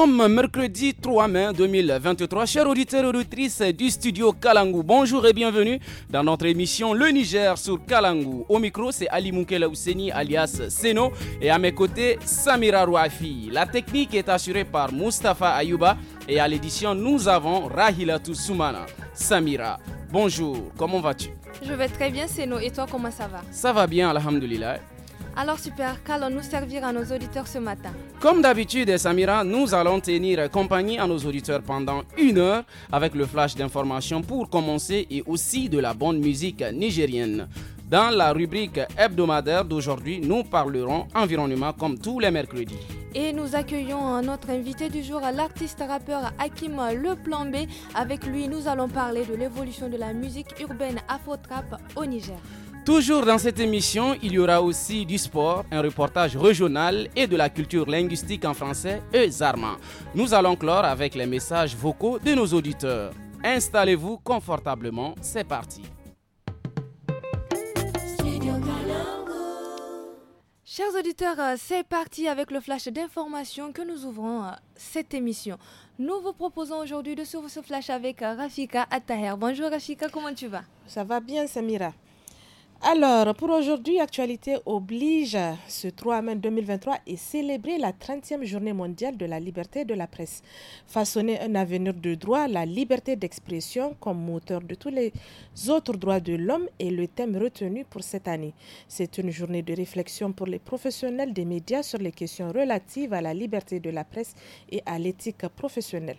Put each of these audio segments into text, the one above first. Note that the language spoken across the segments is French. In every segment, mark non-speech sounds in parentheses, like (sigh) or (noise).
sommes mercredi 3 mai 2023. Chers auditeurs et auditrices du studio Kalangu, bonjour et bienvenue dans notre émission Le Niger sur Kalangu. Au micro, c'est Ali Moukela Ouseni alias Seno et à mes côtés, Samira Rouafi. La technique est assurée par Mustafa Ayuba et à l'édition, nous avons Rahila Toussoumana. Samira, bonjour, comment vas-tu Je vais très bien, Seno. Et toi, comment ça va Ça va bien, Alhamdulillah. Alors super, qu'allons-nous servir à nos auditeurs ce matin Comme d'habitude, Samira, nous allons tenir compagnie à nos auditeurs pendant une heure avec le flash d'informations pour commencer et aussi de la bonne musique nigérienne. Dans la rubrique hebdomadaire d'aujourd'hui, nous parlerons environnement comme tous les mercredis. Et nous accueillons notre invité du jour, l'artiste rappeur Hakim Le Plan B. Avec lui, nous allons parler de l'évolution de la musique urbaine Afrotrap au Niger. Toujours dans cette émission, il y aura aussi du sport, un reportage régional et de la culture linguistique en français et Nous allons clore avec les messages vocaux de nos auditeurs. Installez-vous confortablement, c'est parti. Chers auditeurs, euh, c'est parti avec le flash d'information que nous ouvrons euh, cette émission. Nous vous proposons aujourd'hui de suivre ce flash avec euh, Rafika Attaher. Bonjour Rafika, comment tu vas Ça va bien Samira. Alors, pour aujourd'hui, actualité oblige, ce 3 mai 2023 et célébrer la 30e journée mondiale de la liberté de la presse. Façonner un avenir de droit, la liberté d'expression comme moteur de tous les autres droits de l'homme est le thème retenu pour cette année. C'est une journée de réflexion pour les professionnels des médias sur les questions relatives à la liberté de la presse et à l'éthique professionnelle.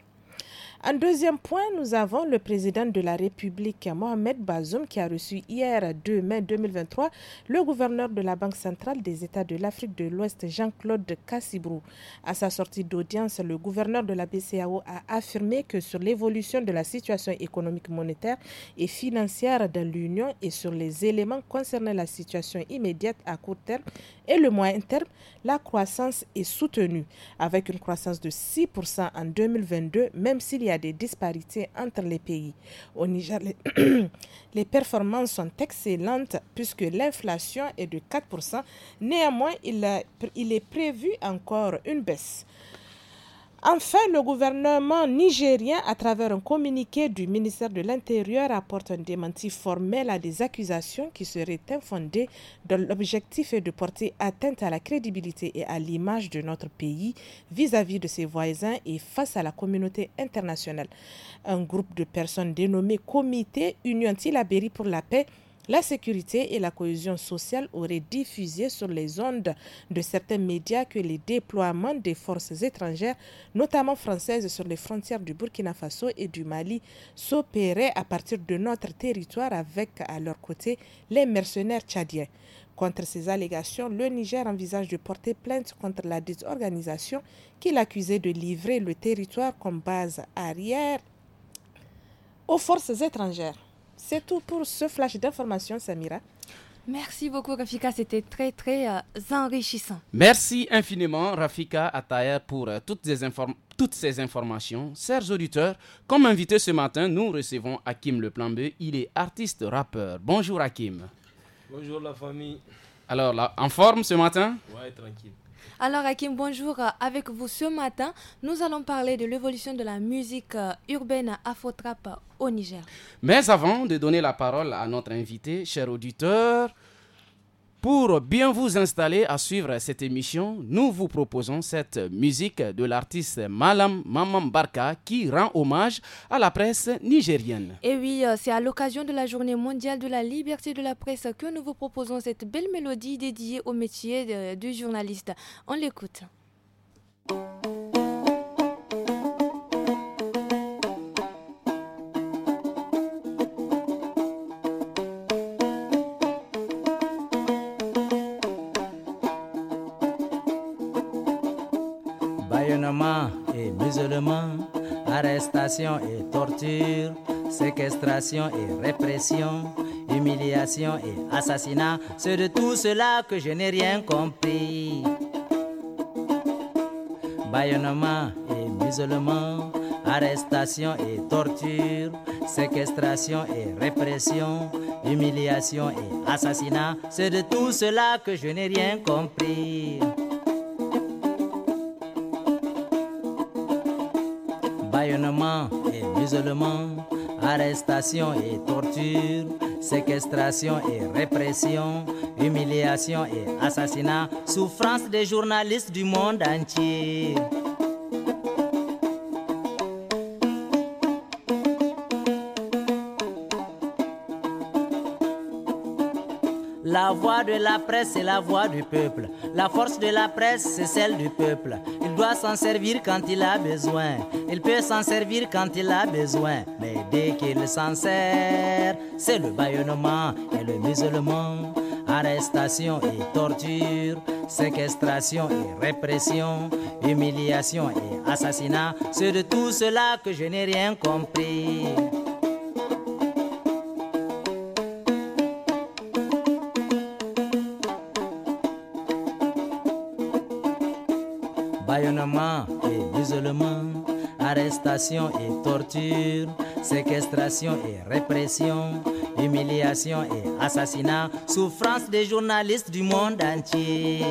En deuxième point, nous avons le président de la République, Mohamed Bazoum, qui a reçu hier 2 mai 2023 le gouverneur de la Banque centrale des États de l'Afrique de l'Ouest, Jean-Claude Cassibrou. À sa sortie d'audience, le gouverneur de la BCAO a affirmé que sur l'évolution de la situation économique, monétaire et financière dans l'Union et sur les éléments concernant la situation immédiate à court terme et le moyen terme, la croissance est soutenue, avec une croissance de 6% en 2022, même s'il y a y a des disparités entre les pays. Au Niger, les, (clears throat) performances sont excellentes puisque l'inflation est de 4%. Néanmoins, il est prévu encore une baisse. Enfin, le gouvernement nigérien, à travers un communiqué du ministère de l'Intérieur, apporte un démenti formel à des accusations qui seraient infondées dont l'objectif est de porter atteinte à la crédibilité et à l'image de notre pays vis-à-vis de ses voisins et face à la communauté internationale. Un groupe de personnes dénommé Comité Union Tilaberi pour la paix la sécurité et la cohésion sociale auraient diffusé sur les ondes de certains médias que les déploiements des forces étrangères, notamment françaises sur les frontières du Burkina Faso et du Mali, s'opéraient à partir de notre territoire avec à leur côté les mercenaires tchadiens. Contre ces allégations, le Niger envisage de porter plainte contre la désorganisation qui l'accusait de livrer le territoire comme base arrière aux forces étrangères. C'est tout pour ce flash d'information, Samira. Merci beaucoup Rafika, c'était très très euh, enrichissant. Merci infiniment Rafika Ataya pour euh, toutes, ces toutes, ces informations. Chers auditeurs, comme invité ce matin, nous recevons Hakim Le Il est artiste rappeur. Bonjour Hakim. Bonjour la famille. Alors, en forme ce matin Ouais, tranquille. Alors Hakim, bonjour. Euh, avec vous ce matin, nous allons parler de l'évolution de la musique euh, urbaine à euh, au Niger. Mais avant de donner la parole à notre invité, cher auditeur, pour bien vous installer à suivre cette émission, nous vous proposons cette musique de l'artiste Malam Mamam Barka qui rend hommage à la presse nigérienne. Et oui, euh, c'est à l'occasion de la journée mondiale de la liberté de la presse que nous vous proposons cette belle mélodie dédiée au métier euh, du journaliste. On l'écoute. arrestation et torture, séquestration et répression, humiliation et assassinat. C'est de tout cela que je n'ai rien compris. Bayonnement et musulman, arrestation et torture, séquestration et répression, humiliation et assassinat. C'est de tout cela que je n'ai rien compris. arrestation et torture, séquestration et répression, humiliation et assassinat, souffrance des journalistes du monde entier. La voix de la presse, est la voix du peuple. La force de la presse, c'est celle du peuple doit s'en servir quand il a besoin. Il peut s'en servir quand il a besoin. Mais dès qu'il s'en sert, c'est le baillonnement et le musulman. Arrestation et torture, séquestration et répression, humiliation et assassinat. C'est de tout cela que je n'ai rien compris. et torture, séquestration et répression, humiliation et assassinat, souffrance des journalistes du monde entier.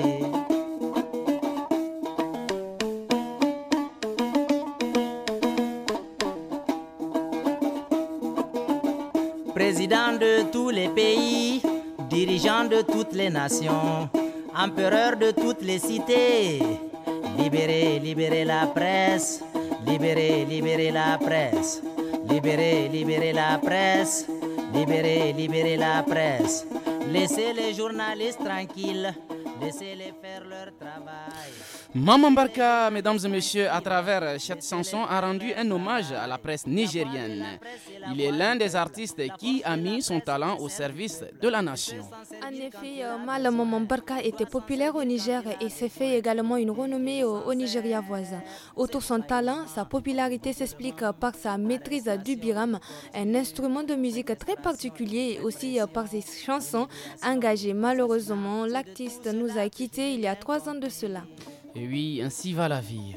Président de tous les pays, dirigeant de toutes les nations, empereur de toutes les cités, libérez, libérez la presse. Libérez, libérez la presse. Libérez, libérez la presse. Libérez, libérez la presse. Laissez les journalistes tranquilles. Laissez les Maman Barka, mesdames et messieurs, à travers cette chanson, a rendu un hommage à la presse nigérienne. Il est l'un des artistes qui a mis son talent au service de la nation. En effet, euh, Mal Maman Barka était populaire au Niger et s'est fait également une renommée au, Nigeria voisin. Autour de son talent, sa popularité s'explique par sa maîtrise du biram, un instrument de musique très particulier et aussi par ses chansons engagées. Malheureusement, l'artiste nous a quittés il y a trois ans de cela. Et oui, ainsi va la vie.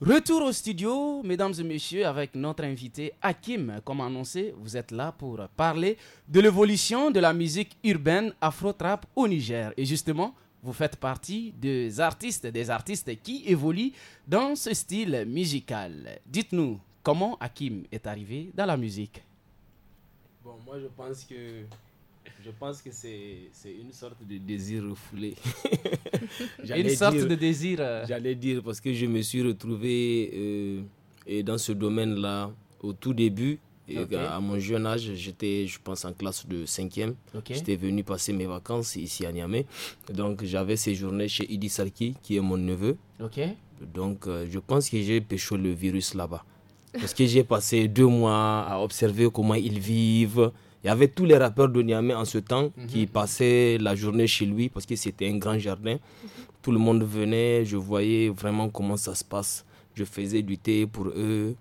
Retour au studio, mesdames et messieurs, avec notre invité Hakim. Comme annoncé, vous êtes là pour parler de l'évolution de la musique urbaine afro-trap au Niger. Et justement, vous faites partie des artistes, des artistes qui évoluent dans ce style musical. Dites-nous, comment Hakim est arrivé dans la musique Bon, moi je pense que je pense que c'est une sorte de désir refoulé. (laughs) une sorte de désir. Euh. J'allais dire parce que je me suis retrouvé euh, et dans ce domaine-là au tout début. à, mon jeune âge, j'étais, je pense, en classe de 5e. J'étais venu passer mes vacances ici à Niamey. Donc, j'avais séjourné chez Idi Sarki, qui est mon neveu. Ok. Donc, euh, je pense que j'ai pêché le virus là-bas. Parce que j'ai passé deux mois à observer comment ils vivent, il y avait tous les rappeurs de Niamey en ce temps qui mhm. passaient la journée chez lui parce que c'était un grand jardin. Mhm. Tout le monde venait, je voyais vraiment comment ça se passe. Je faisais du thé pour eux.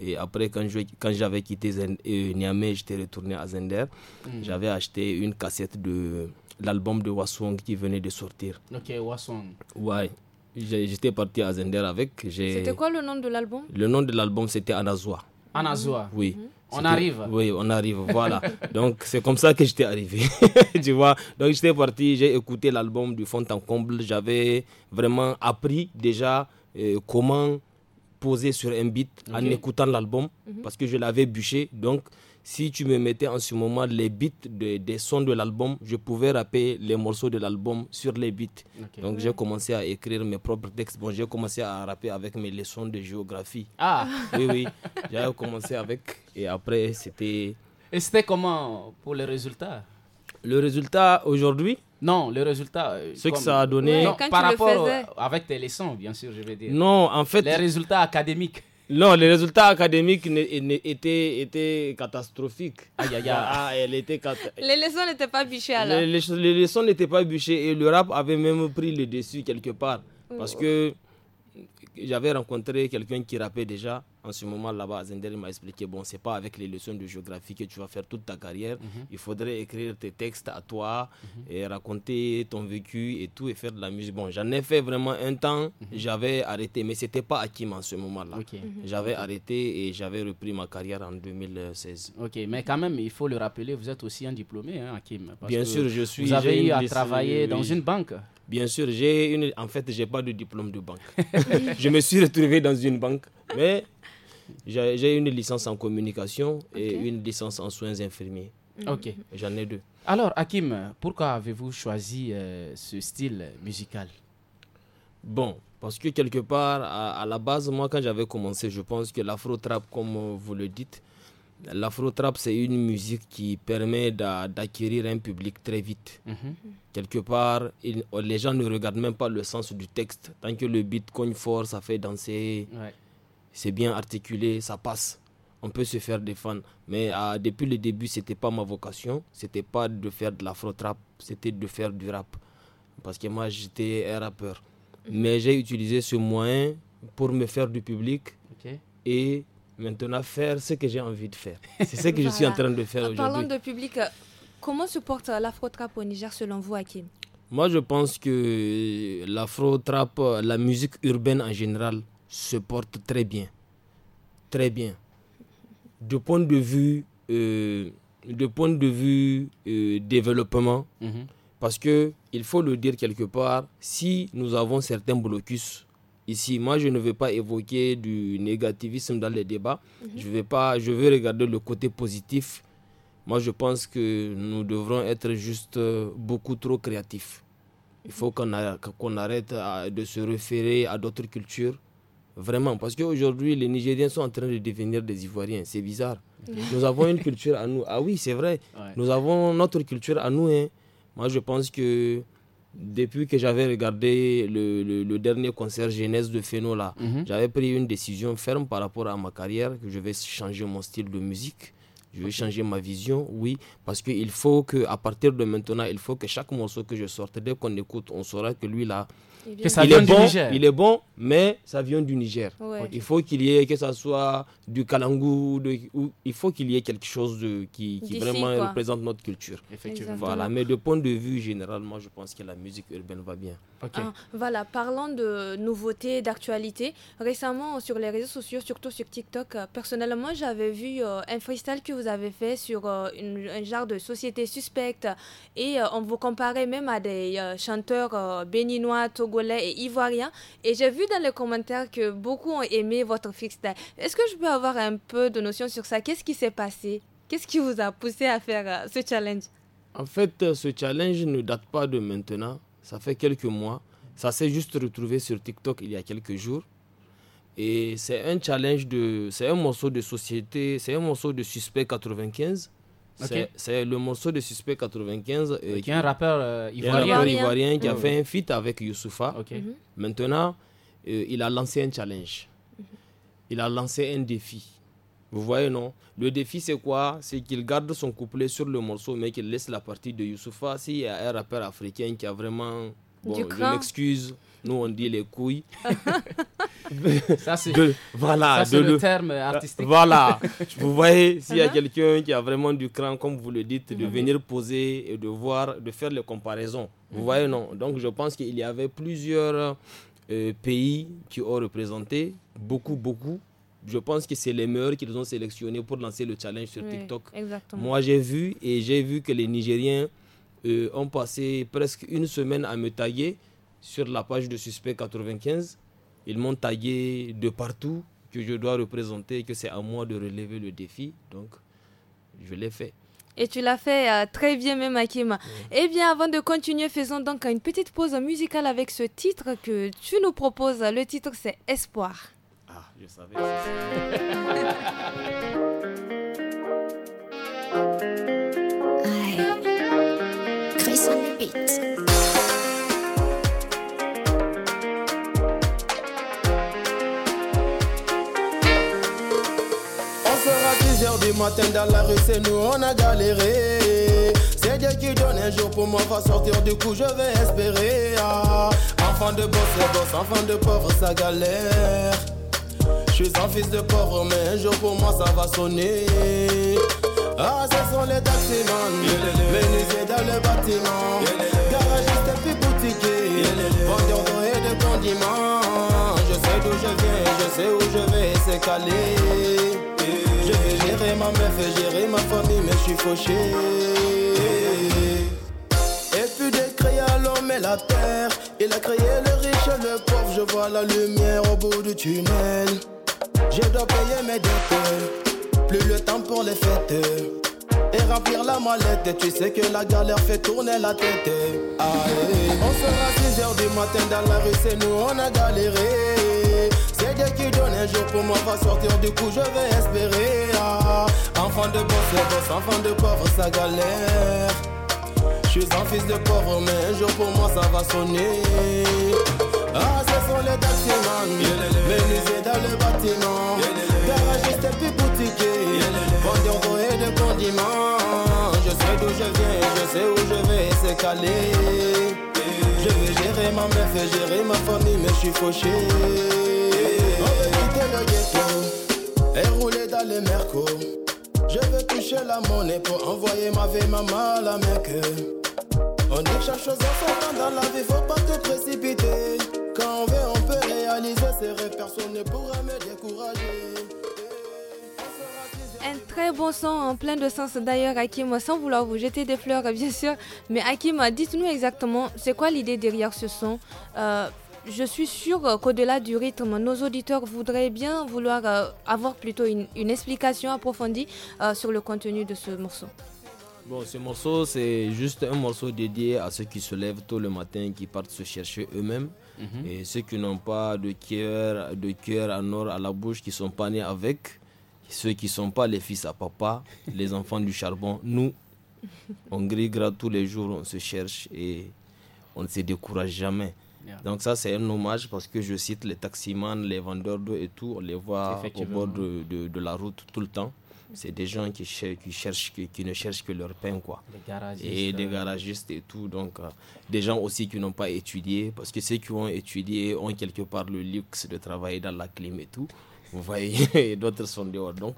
Et après, quand j'avais quand quitté euh, Niamey, j'étais retourné à Zender. Mhm. J'avais acheté une cassette de l'album de Wasong qui venait de sortir. Ok, Wasong. Ouais. J'étais parti à Zender avec. C'était quoi le nom de l'album Le nom de l'album, c'était Anazwa. Anazwa Oui. On arrive. Oui, on arrive. Voilà. (laughs) Donc, c'est comme ça que j'étais arrivé. (laughs) tu vois. Donc, j'étais parti, j'ai écouté l'album du fond en comble. J'avais vraiment appris déjà euh, comment poser sur un beat en écoutant l'album mhm. parce que je l'avais bûché. Donc, si tu me mettais en ce moment les beats des sons de l'album, je pouvais rapper les morceaux de l'album sur les beats. Donc j'ai commencé à écrire mes propres textes. Bon, j'ai commencé à rapper avec mes leçons de géographie. Ah Oui, oui. J'ai commencé avec et après c'était... Et c'était comment pour les résultats Le résultat aujourd'hui non, le résultat. Euh, ce que ça a donné. par rapport euh, avec tes leçons, bien sûr, je vais dire. Non, en fait. Les résultats académiques. Non, les résultats académiques étaient, étaient catastrophiques. Ah, était Les leçons n'étaient pas bûchées alors. Les, les leçons n'étaient pas bûchées et le rap avait même pris le dessus quelque part. Parce oh. que j'avais rencontré quelqu'un qui rappait déjà en ce moment là-bas, Zender m'a expliqué bon, c'est pas avec les leçons de géographie que tu vas faire toute ta carrière. Mhm. Il faudrait écrire tes textes à toi mhm. et raconter ton vécu et tout et faire de la musique. Bon, j'en ai fait vraiment un temps, mhm. j'avais arrêté, mais c'était pas Hakim en ce moment-là. J'avais arrêté et j'avais repris ma carrière en 2016. Ok, mais quand même, il faut le rappeler, vous êtes aussi un diplômé, hein, Hakim. Bien sûr, je suis. Vous avez eu à travailler dans une banque. Bien sûr, j'ai une. En fait, j'ai pas de diplôme de banque. (laughs) je me suis retrouvé dans une banque, mais j'ai une licence en communication et une licence en soins infirmiers. Mhm. Ok. J'en ai deux. Alors, Hakim, pourquoi avez-vous choisi euh, ce style musical Bon, parce que quelque part, à, la base, moi, quand j'avais commencé, je pense que l'afro-trap, comme vous le dites, l'afro-trap, c'est une musique qui permet d'acquérir un public très vite. Mhm. Quelque part, les gens ne regardent même pas le sens du texte. Tant que le beat cogne fort, ça fait danser c'est bien articulé, ça passe. On peut se faire des fans. Mais ah, depuis le début, c'était pas ma vocation. C'était pas de faire de l'afro-trap, c'était de faire du rap. Parce que moi, j'étais un rappeur. Mhm. Mais j'ai utilisé ce moyen pour me faire du public et maintenant faire ce que j'ai envie de faire. (laughs) C'est ce que je suis en train de faire aujourd'hui. Parlant de public, euh, comment se porte euh, l'afro-trap au Niger selon vous, Hakim Moi, je pense que euh, l'afro-trap, la musique urbaine en général, se porte très bien. Très bien. De point de vue, euh, point de vue euh, développement, mhm. parce que il faut le dire quelque part, si nous avons certains blocus ici, moi je ne vais pas évoquer du négativisme dans les débats. Mhm. Je vais pas, je vais regarder le côté positif. Moi je pense que nous devrons être juste euh, beaucoup trop créatifs. Il faut qu'on qu'on arrête de se référer à d'autres cultures Vraiment, parce qu'aujourd'hui, les Nigériens sont en train de devenir des Ivoiriens. C'est bizarre. (laughs) Nous avons une culture à nous. Ah oui, c'est vrai. Nous avons notre culture à nous. Hein. Moi, je pense que depuis que j'avais regardé le, le, dernier concert Genèse de Feno, là, mhm. j'avais pris une décision ferme par rapport à ma carrière, que je vais changer mon style de musique. Je vais changer ma vision, oui, parce qu'il faut que, à partir de maintenant, il faut que chaque morceau que je sorte, dès qu'on écoute, on saura que lui, là, ça il, est bon, mais ça vient du Niger. Il faut qu'il y ait, que ça soit du Kalangou, ou, il faut qu'il y ait quelque chose de, qui, vraiment représente notre culture. Effectivement. Voilà, mais de point de vue, généralement, je pense que la musique urbaine va bien. Okay. Ah, voilà, parlant de nouveautés, d'actualité, récemment sur les réseaux sociaux, surtout sur TikTok, euh, personnellement, j'avais vu euh, un freestyle que vous avez fait sur euh, un genre de société suspecte et on vous comparait même à des chanteurs béninois, togolais et ivoirien. Et j'ai vu dans les commentaires que beaucoup ont aimé votre freestyle. Est-ce que je peux avoir un peu de notion sur ça Qu'est-ce qui s'est passé Qu'est-ce qui vous a poussé à faire euh, ce challenge En fait, euh, ce challenge ne date pas de maintenant. Ça fait quelques mois. Ça s'est juste retrouvé sur TikTok il y a quelques jours. Et c'est un challenge de. C'est un morceau de société. C'est un morceau de Suspect 95 c'est le morceau de Suspect 95. Euh, qui est un euh, rappeur ivoirien. qui a fait un feat avec Youssoufa. Mhm. Maintenant, euh, il a lancé un challenge. Mhm. Il a lancé un défi. Vous voyez, non Le défi, c'est quoi C'est qu'il garde son couplet sur le morceau, mais qu'il laisse la partie de Youssoufa. S'il y a un rappeur africain qui a vraiment Bon, du m'excuse. Nous, on dit les couilles. (laughs) ça, c'est voilà, le, terme artistique. Voilà. (laughs) vous voyez, s'il y a uh-huh. quelqu'un qui a vraiment du cran, comme vous le dites, de uh-huh. venir poser et de voir, de faire les comparaisons. Vous uh-huh. voyez, non. Donc, je pense qu'il y avait plusieurs euh, pays qui ont représenté, beaucoup, beaucoup. Je pense que c'est les meilleurs qu'ils ont sélectionnés pour lancer le challenge sur TikTok. Moi, j'ai vu et j'ai vu que les Nigériens euh, ont passé presque une semaine à me tailler sur la page de Suspect 95. Ils m'ont taillé de partout que je dois représenter que c'est à moi de relever le défi. Donc, je l'ai fait. Et tu l'as fait euh, très bien même Hakim. Eh bien avant de continuer, faisons donc une petite pause musicale avec ce titre que tu nous proposes. Le titre c'est Espoir. Ah, je savais. (laughs) On sera 10 h du matin dans la rue, c'est nous, on a galéré. C'est Dieu qui donne un jour pour moi, va sortir du coup, je vais espérer. Ah. Enfant de boss, la boss, enfant de pauvre, ça galère. Je suis un fils de pauvre, mais un jour pour moi, ça va sonner. Ah, ce sont les bâtiment. dans le bâtiment. Garagiste et puis boutiquier. Vendeur d'eau et de condiments. Je sais d'où je viens, je sais où je vais, c'est calé. Je vais gérer ma meuf et gérer ma famille, mais je suis fauché. Et puis de créer l'homme et la terre. Il a créé le riche et le pauvre, je vois la lumière au bout du tunnel. Je dois payer mes dettes, plus le temps pour les fêtes et remplir la mallette. tu sais que la galère fait tourner la tête. On sera 6 h du matin dans la rue, c'est nous, on a galéré. C'est Dieu qui donne un jour pour moi, va sortir, du coup je vais espérer. Ah. Enfant de boss, le boss, enfant de pauvre, ça galère. Je suis un fils de pauvre, mais un jour pour moi ça va sonner. Ah, ce sont les taximans, menuisiers dans le bâtiment, garagistes et puis boutiquiers, et de condiments je viens, je sais où je vais, c'est calé. Je vais gérer ma mère, vais gérer ma famille, mais je suis fauché. On veut quitter le ghetto et rouler dans les mercos. Je veux toucher la monnaie pour envoyer ma vie, maman à la que On dit que chaque chose en dans la vie, faut pas te précipiter. Quand on veut, on peut réaliser ses rêves, personne ne pourra me décourager un très bon son, en plein de sens d'ailleurs, Hakim, sans vouloir vous jeter des fleurs, bien sûr. Mais Hakim, dites-nous exactement, c'est quoi l'idée derrière ce son euh, Je suis sûre qu'au-delà du rythme, nos auditeurs voudraient bien vouloir euh, avoir plutôt une, explication approfondie euh, sur le contenu de ce morceau. Bon, ce morceau, c'est juste un morceau dédié à ceux qui se lèvent tôt le matin, qui partent se chercher eux-mêmes, mhm. et ceux qui n'ont pas de cœur, de cœur en or à la bouche, qui sont pas nés avec. Ceux qui ne sont pas les fils à papa, (laughs) les enfants du charbon, nous, on grigra tous les jours, on se cherche et on ne se décourage jamais. Donc ça, c'est un hommage parce que je cite les taximans, les vendeurs d'eau et tout, on les voit au bord de, la route tout le temps. C'est des gens qui, qui cherchent, qui, ne cherchent que leur pain, quoi. Et des euh, garagistes et tout. Donc, euh, des gens aussi qui n'ont pas étudié, parce que ceux qui ont étudié ont quelque part le luxe de travailler dans la clim et tout. Vous voyez, (laughs) d'autres sont dehors. Donc,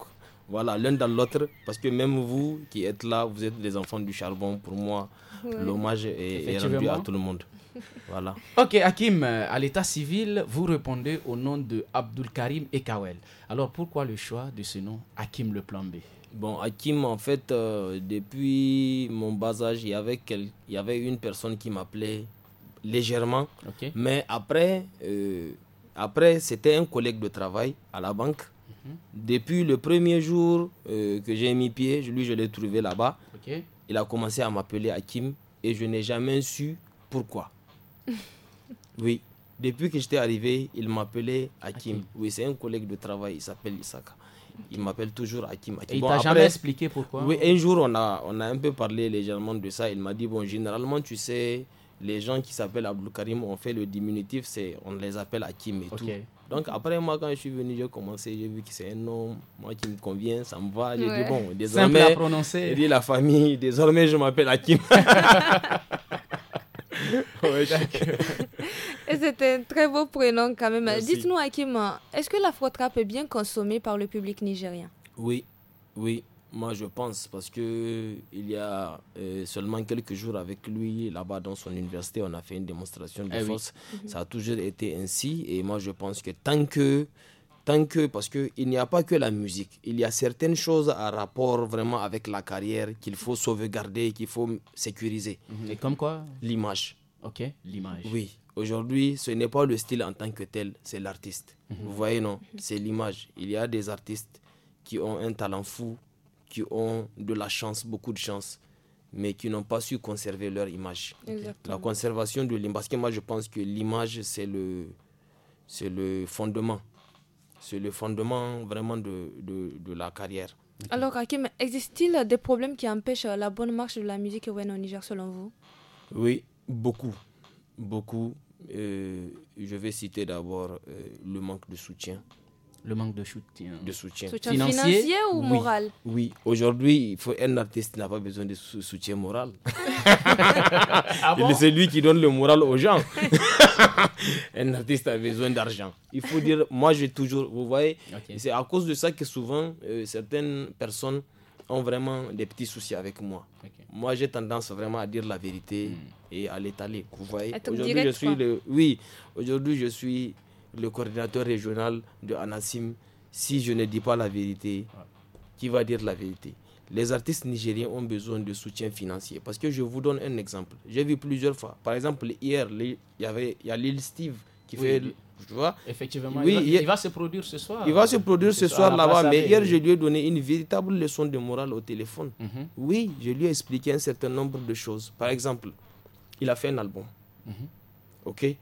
voilà, l'un dans l'autre, parce que même vous qui êtes là, vous êtes des enfants du charbon. Pour moi, l'hommage est, rendu à tout le monde. (laughs) Voilà. Ok, Hakim, euh, à l'état civil, vous répondez au nom de Abdul Karim Kawel. Alors, pourquoi le choix de ce nom, Hakim le plan B Bon, Hakim, en fait, euh, depuis mon bas âge, il y avait, il y avait une personne qui m'appelait légèrement. Mais après, euh, après, c'était un collègue de travail à la banque. Depuis le premier jour euh, que j'ai mis pied, lui, je l'ai trouvé là-bas. Il a commencé à m'appeler Hakim et je n'ai jamais su pourquoi. (laughs) oui, depuis que j'étais arrivé, il m'appelait Hakim. Oui, c'est un collègue de travail, il s'appelle Isaka. Il m'appelle toujours Hakim. Hakim. Et t'a jamais expliqué pourquoi Oui, un jour, on a, on a un peu parlé légèrement de ça. Il m'a dit, bon, généralement, tu sais, les gens qui s'appellent Abdul Karim ont fait le diminutif, c'est on les appelle Hakim et tout. Donc après moi quand je suis venu, j'ai commencé, j'ai vu que c'est un nom, moi qui me convient, ça me va. J'ai dit bon, désormais, dit la famille, désormais je m'appelle Hakim. (laughs) et c'est un très beau prénom quand même. Dites-nous Hakim, est-ce que la fotrappe est bien consommée par le public nigérien Oui, oui. Moi, je pense parce que il y a euh, seulement quelques jours avec lui là-bas dans son université, on a fait une démonstration de eh force. Mhm. Ça a toujours été ainsi et moi je pense que tant que tant que parce que il n'y a pas que la musique, il y a certaines choses à rapport vraiment avec la carrière qu'il faut sauvegarder, qu'il faut sécuriser. Mhm. Et comme quoi L'image. OK, l'image. Oui. Aujourd'hui, ce n'est pas le style en tant que tel, c'est l'artiste. Mhm. Vous voyez, non C'est l'image. Il y a des artistes qui ont un talent fou, qui ont de la chance, beaucoup de chance, mais qui n'ont pas su conserver leur image. La conservation de l'image, parce que moi je pense que l'image c'est le, c'est le fondement. C'est le fondement vraiment de, de, de la carrière. Alors Hakim, existe-t-il des problèmes qui empêchent la bonne marche de la musique ouais au Niger selon vous Oui, beaucoup. Beaucoup. Euh, je vais citer d'abord euh, le manque de soutien le manque de soutien, de soutien. financier, ou moral Oui, aujourd'hui, il faut un artiste n'a pas besoin de soutien moral. C'est (laughs) ah lui qui donne le moral aux gens. (laughs) un artiste a besoin d'argent. Il faut dire, moi j'ai toujours, vous voyez, c'est à cause de ça que souvent euh, certaines personnes ont vraiment des petits soucis avec moi. Moi, j'ai tendance vraiment à dire la vérité hmm. et à l'étaler. Vous voyez, aujourd'hui je suis le, oui, aujourd'hui je suis le coordinateur régional de Anasim, si je ne dis pas la vérité, qui va dire la vérité les artistes nigériens ont besoin de soutien financier. Parce que je vous donne un exemple. J'ai vu plusieurs fois. Par exemple, hier, il y avait il y a l'île Steve qui fait. Tu vois Effectivement, il, va, se produire ce soir. Il va se produire ce, soir là-bas. Mais hier, je lui ai donné une véritable leçon de morale au téléphone. Mhm. Oui, je lui ai expliqué un certain nombre de choses. Par exemple, il a fait un album. Mhm. OK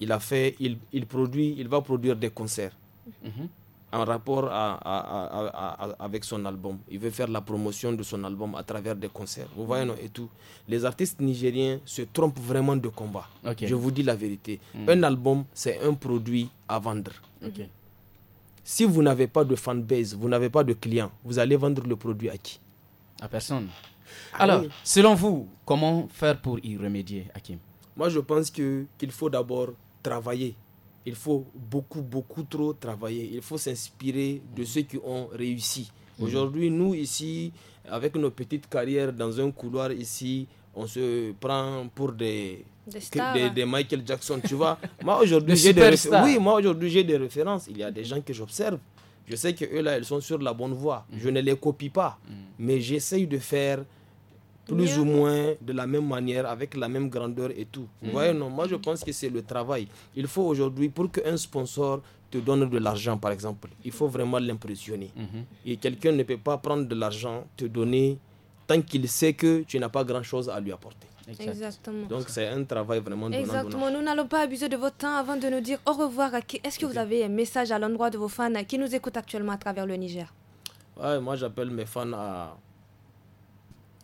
il a fait, il, produit, il va produire des concerts mhm. en rapport avec son album. Il veut faire la promotion de son album à travers des concerts. Vous voyez, non, et tout. Les artistes nigériens se trompent vraiment de combat. Je vous dis la vérité. Mhm. Un album, c'est un produit à vendre. Si vous n'avez pas de fanbase, vous n'avez pas de clients, vous allez vendre le produit à qui À personne. Ah Alors, selon vous, comment faire pour y remédier, Hakim Moi, je pense que qu'il faut d'abord travailler. Il faut beaucoup, beaucoup trop travailler. Il faut s'inspirer de ceux qui ont réussi. Mhm. Aujourd'hui, nous, ici, avec nos petites carrières dans un couloir ici, on se prend pour des, des, des, Michael Jackson, tu vois. (laughs) moi, aujourd'hui, j'ai des, oui, moi, aujourd'hui, j'ai des références. Il y a des gens que j'observe. Je sais que eux là, ils sont sur la bonne voie. Mhm. Je ne les copie pas, mhm. mais j'essaye de faire plus ou moins de la même manière, avec la même grandeur et tout. Vous mm. voyez, non, moi je pense que c'est le travail. Il faut aujourd'hui, pour qu'un sponsor te donne de l'argent, par exemple, il faut vraiment l'impressionner. Mm-hmm. Et quelqu'un ne peut pas prendre de l'argent, te donner, tant qu'il sait que tu n'as pas grand-chose à lui apporter. Exactement. Donc c'est un travail vraiment donnant, Exactement. Nous n'allons pas abuser de votre temps avant de nous dire au revoir. Est-ce que vous avez un message à l'endroit de vos fans qui nous écoutent actuellement à travers le Niger ouais, Moi j'appelle mes fans à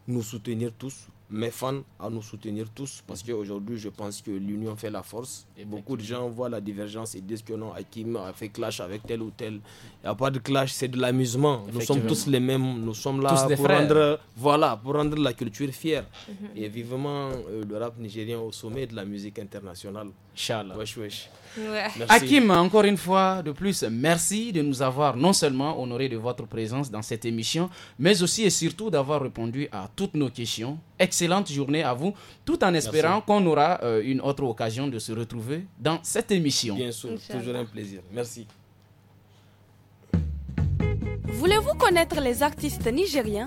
nous soutenir tous, mes fans à nous soutenir tous, parce qu'aujourd'hui, je pense que l'union fait la force. Et beaucoup de gens voient la divergence et disent que non, Hakim a fait clash avec tel ou tel. Il n'y a pas de clash, c'est de l'amusement. Nous sommes tous les mêmes, nous sommes là pour rendre, voilà, pour rendre la culture fière. Mhm. Et vivement euh, le rap nigérien au sommet de la musique internationale. Inch'Allah. Wesh, wesh. encore une fois de plus, merci de nous avoir non seulement honoré de votre présence dans cette émission, mais aussi et surtout d'avoir répondu à toutes nos questions. Excellente journée à vous, tout en espérant qu'on aura euh, une autre occasion de se retrouver dans cette émission. Bien sûr, toujours un plaisir. Merci. Voulez-vous connaître les artistes nigériens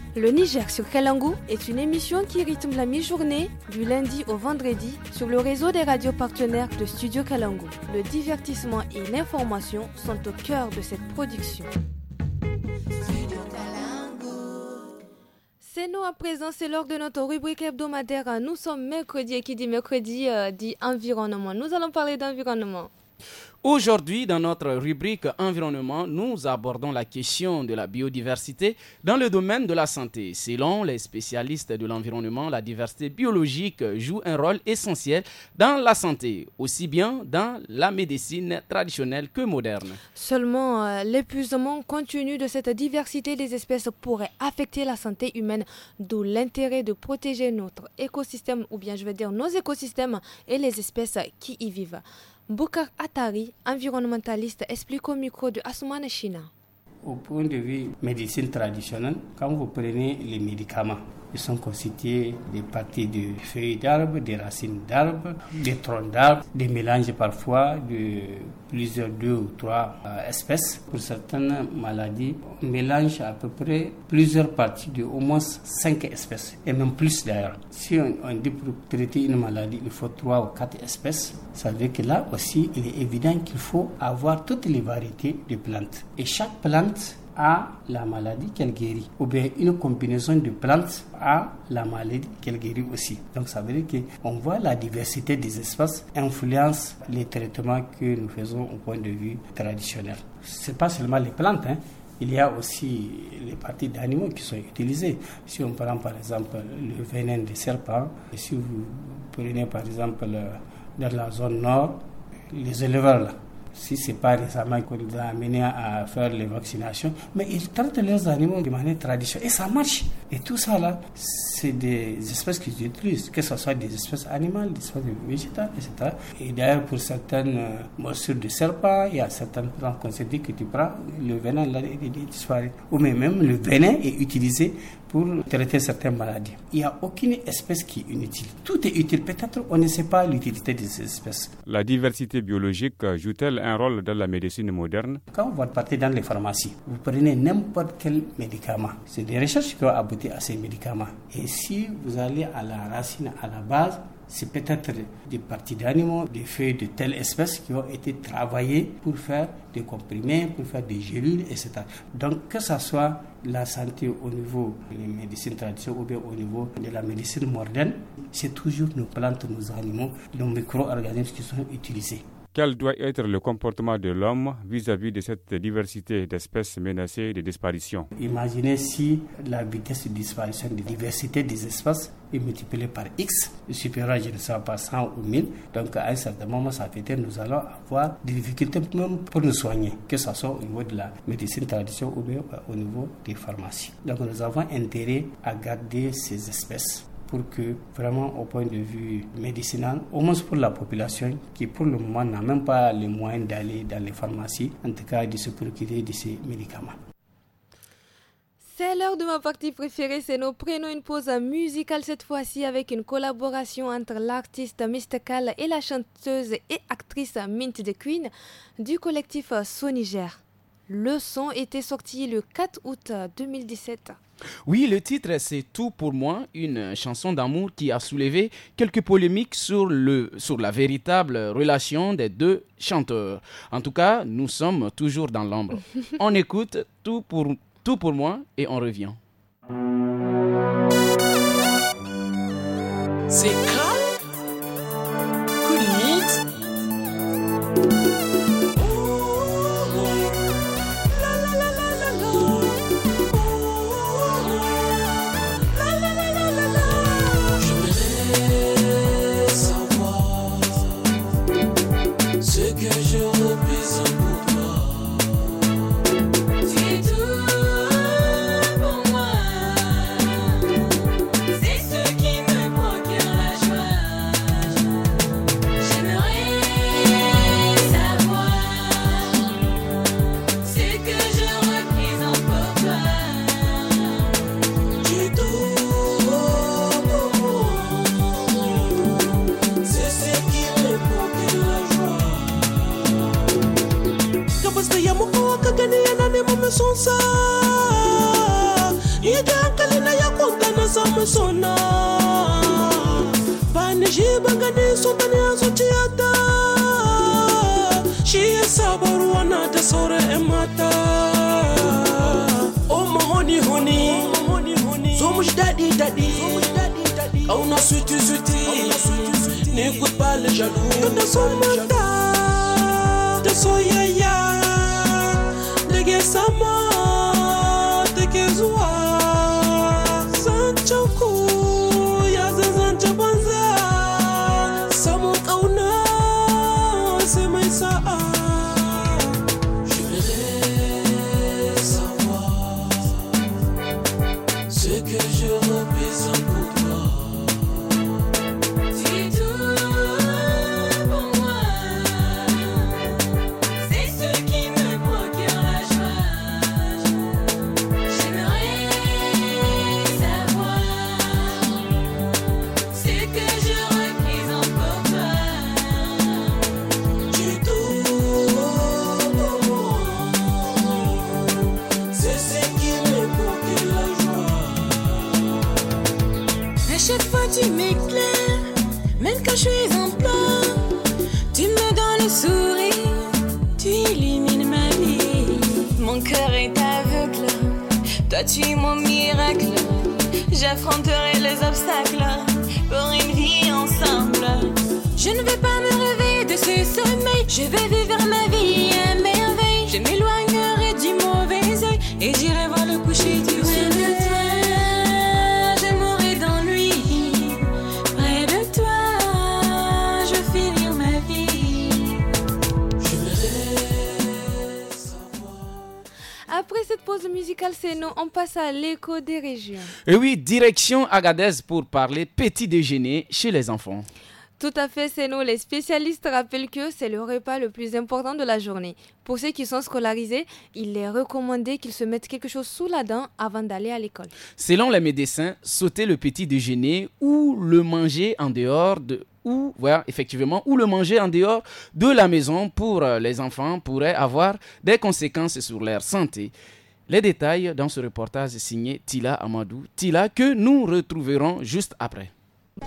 Le Niger sur Kalangu est une émission qui rythme la mi-journée du lundi au vendredi sur le réseau des radios partenaires de Studio Kalangu. Le divertissement et l'information sont au cœur de cette production. C'est nous à présent, c'est l'heure de notre rubrique hebdomadaire. Nous sommes mercredi et qui dit mercredi euh, dit environnement. Nous allons parler d'environnement. Aujourd'hui, dans notre rubrique environnement, nous abordons la question de la biodiversité dans le domaine de la santé. Selon les spécialistes de l'environnement, la diversité biologique joue un rôle essentiel dans la santé, aussi bien dans la médecine traditionnelle que moderne. Seulement, euh, l'épuisement continu de cette diversité des espèces pourrait affecter la santé humaine, d'où l'intérêt de protéger notre écosystème, ou bien je veux dire nos écosystèmes et les espèces qui y vivent. Boukar Atari, environnementaliste, explique au micro de Asumana China. Au point de vue médecine traditionnelle, quand vous prenez les médicaments, ils sont constitués des parties de feuilles d'arbres, des racines d'arbres, des troncs d'arbres, des mélanges parfois de plusieurs deux ou trois euh, espèces. Pour certaines maladies, on mélange à peu près plusieurs parties de au moins cinq espèces, et même plus d'ailleurs. Si on, on, dit pour traiter une maladie, il faut trois ou quatre espèces, ça veut dire que là aussi, il est évident qu'il faut avoir toutes les variétés de plantes. Et chaque plante à la maladie qu'elle guérit, ou bien une combinaison de plantes à la maladie qu'elle guérit aussi. Donc ça veut dire qu'on voit la diversité des espaces influence les traitements que nous faisons au point de vue traditionnel. Ce n'est pas seulement les plantes, hein. il y a aussi les parties d'animaux qui sont utilisées. Si on prend par exemple le venin des serpents, si vous prenez par exemple dans la zone nord, les éleveurs là, si ce n'est pas récemment qu'on les a amenés à faire les vaccinations, mais ils traitent leurs animaux de manière traditionnelle. Et ça marche. Et tout ça, là, c'est des espèces qu'ils utilisent, que ce soit des espèces animales, des espèces végétales, etc. Et d'ailleurs, pour certaines euh, morsures de serpent, il y a certaines plantes qu'on se dit que tu prends, le venin, là, il disparaît. Ou même le venin est utilisé pour traiter certaines maladies. Il n'y a aucune espèce qui est inutile. Tout est utile. Peut-être on ne sait pas l'utilité de ces espèces. La diversité biologique, ajoute-t-elle, un rôle dans la médecine moderne Quand vous partez dans les pharmacies, vous prenez n'importe quel médicament. C'est des recherches qui vont abouti à ces médicaments. Et si vous allez à la racine, à la base, c'est peut-être des parties d'animaux, des feuilles de telle espèce qui ont été travaillées pour faire des comprimés, pour faire des gélules, etc. Donc que ce soit la santé au niveau des médecines traditionnelles ou bien au niveau de la médecine moderne, c'est toujours nos plantes, nos animaux, nos micro-organismes qui sont utilisés. Quel doit être le comportement de l'homme vis-à-vis de cette diversité d'espèces menacées de disparition Imaginez si la vitesse de disparition de diversité des espèces est multipliée par X, supérieure à, ne sais pas, 100 ou 1000. Donc, à un certain moment, ça fait nous allons avoir des difficultés même pour nous soigner, que ce soit au niveau de la médecine traditionnelle ou au niveau des pharmacies. Donc, nous avons intérêt à garder ces espèces pour que vraiment au point de vue médicinal, au moins pour la population qui pour le moment n'a même pas les moyens d'aller dans les pharmacies, en tout cas de se procurer de ces médicaments. C'est l'heure de ma partie préférée, c'est nous prenons une pause musicale cette fois-ci avec une collaboration entre l'artiste Mystical et la chanteuse et actrice Mint de Queen du collectif Soniger. Le son était sorti le 4 août 2017. Oui, le titre c'est Tout pour moi, une chanson d'amour qui a soulevé quelques polémiques sur, le, sur la véritable relation des deux chanteurs. En tout cas, nous sommes toujours dans l'ombre. (laughs) on écoute tout pour, tout pour moi et on revient. C'est sonsa ida hankali na ya kunta na samu sona ba ni shi ban o mahoni honi so dadi shi daɗi daɗi ƙauna suti suti ne gudba le jaloux I guess I'm more, te guess Affronterai les obstacles pour une vie ensemble. Je ne vais pas me réveiller de ce sommeil, je vais vivre. musical musicale, c'est nous. On passe à l'écho des régions. Et oui, direction Agadez pour parler petit déjeuner chez les enfants. Tout à fait, c'est nous. Les spécialistes rappellent que c'est le repas le plus important de la journée. Pour ceux qui sont scolarisés, il est recommandé qu'ils se mettent quelque chose sous la dent avant d'aller à l'école. Selon les médecins, sauter le petit déjeuner ou le manger en dehors ou effectivement ou le manger en dehors de la maison pour euh, les enfants pourrait avoir des conséquences sur leur santé. Les détails dans ce reportage signé Tila Amadou. Tila que nous retrouverons juste après.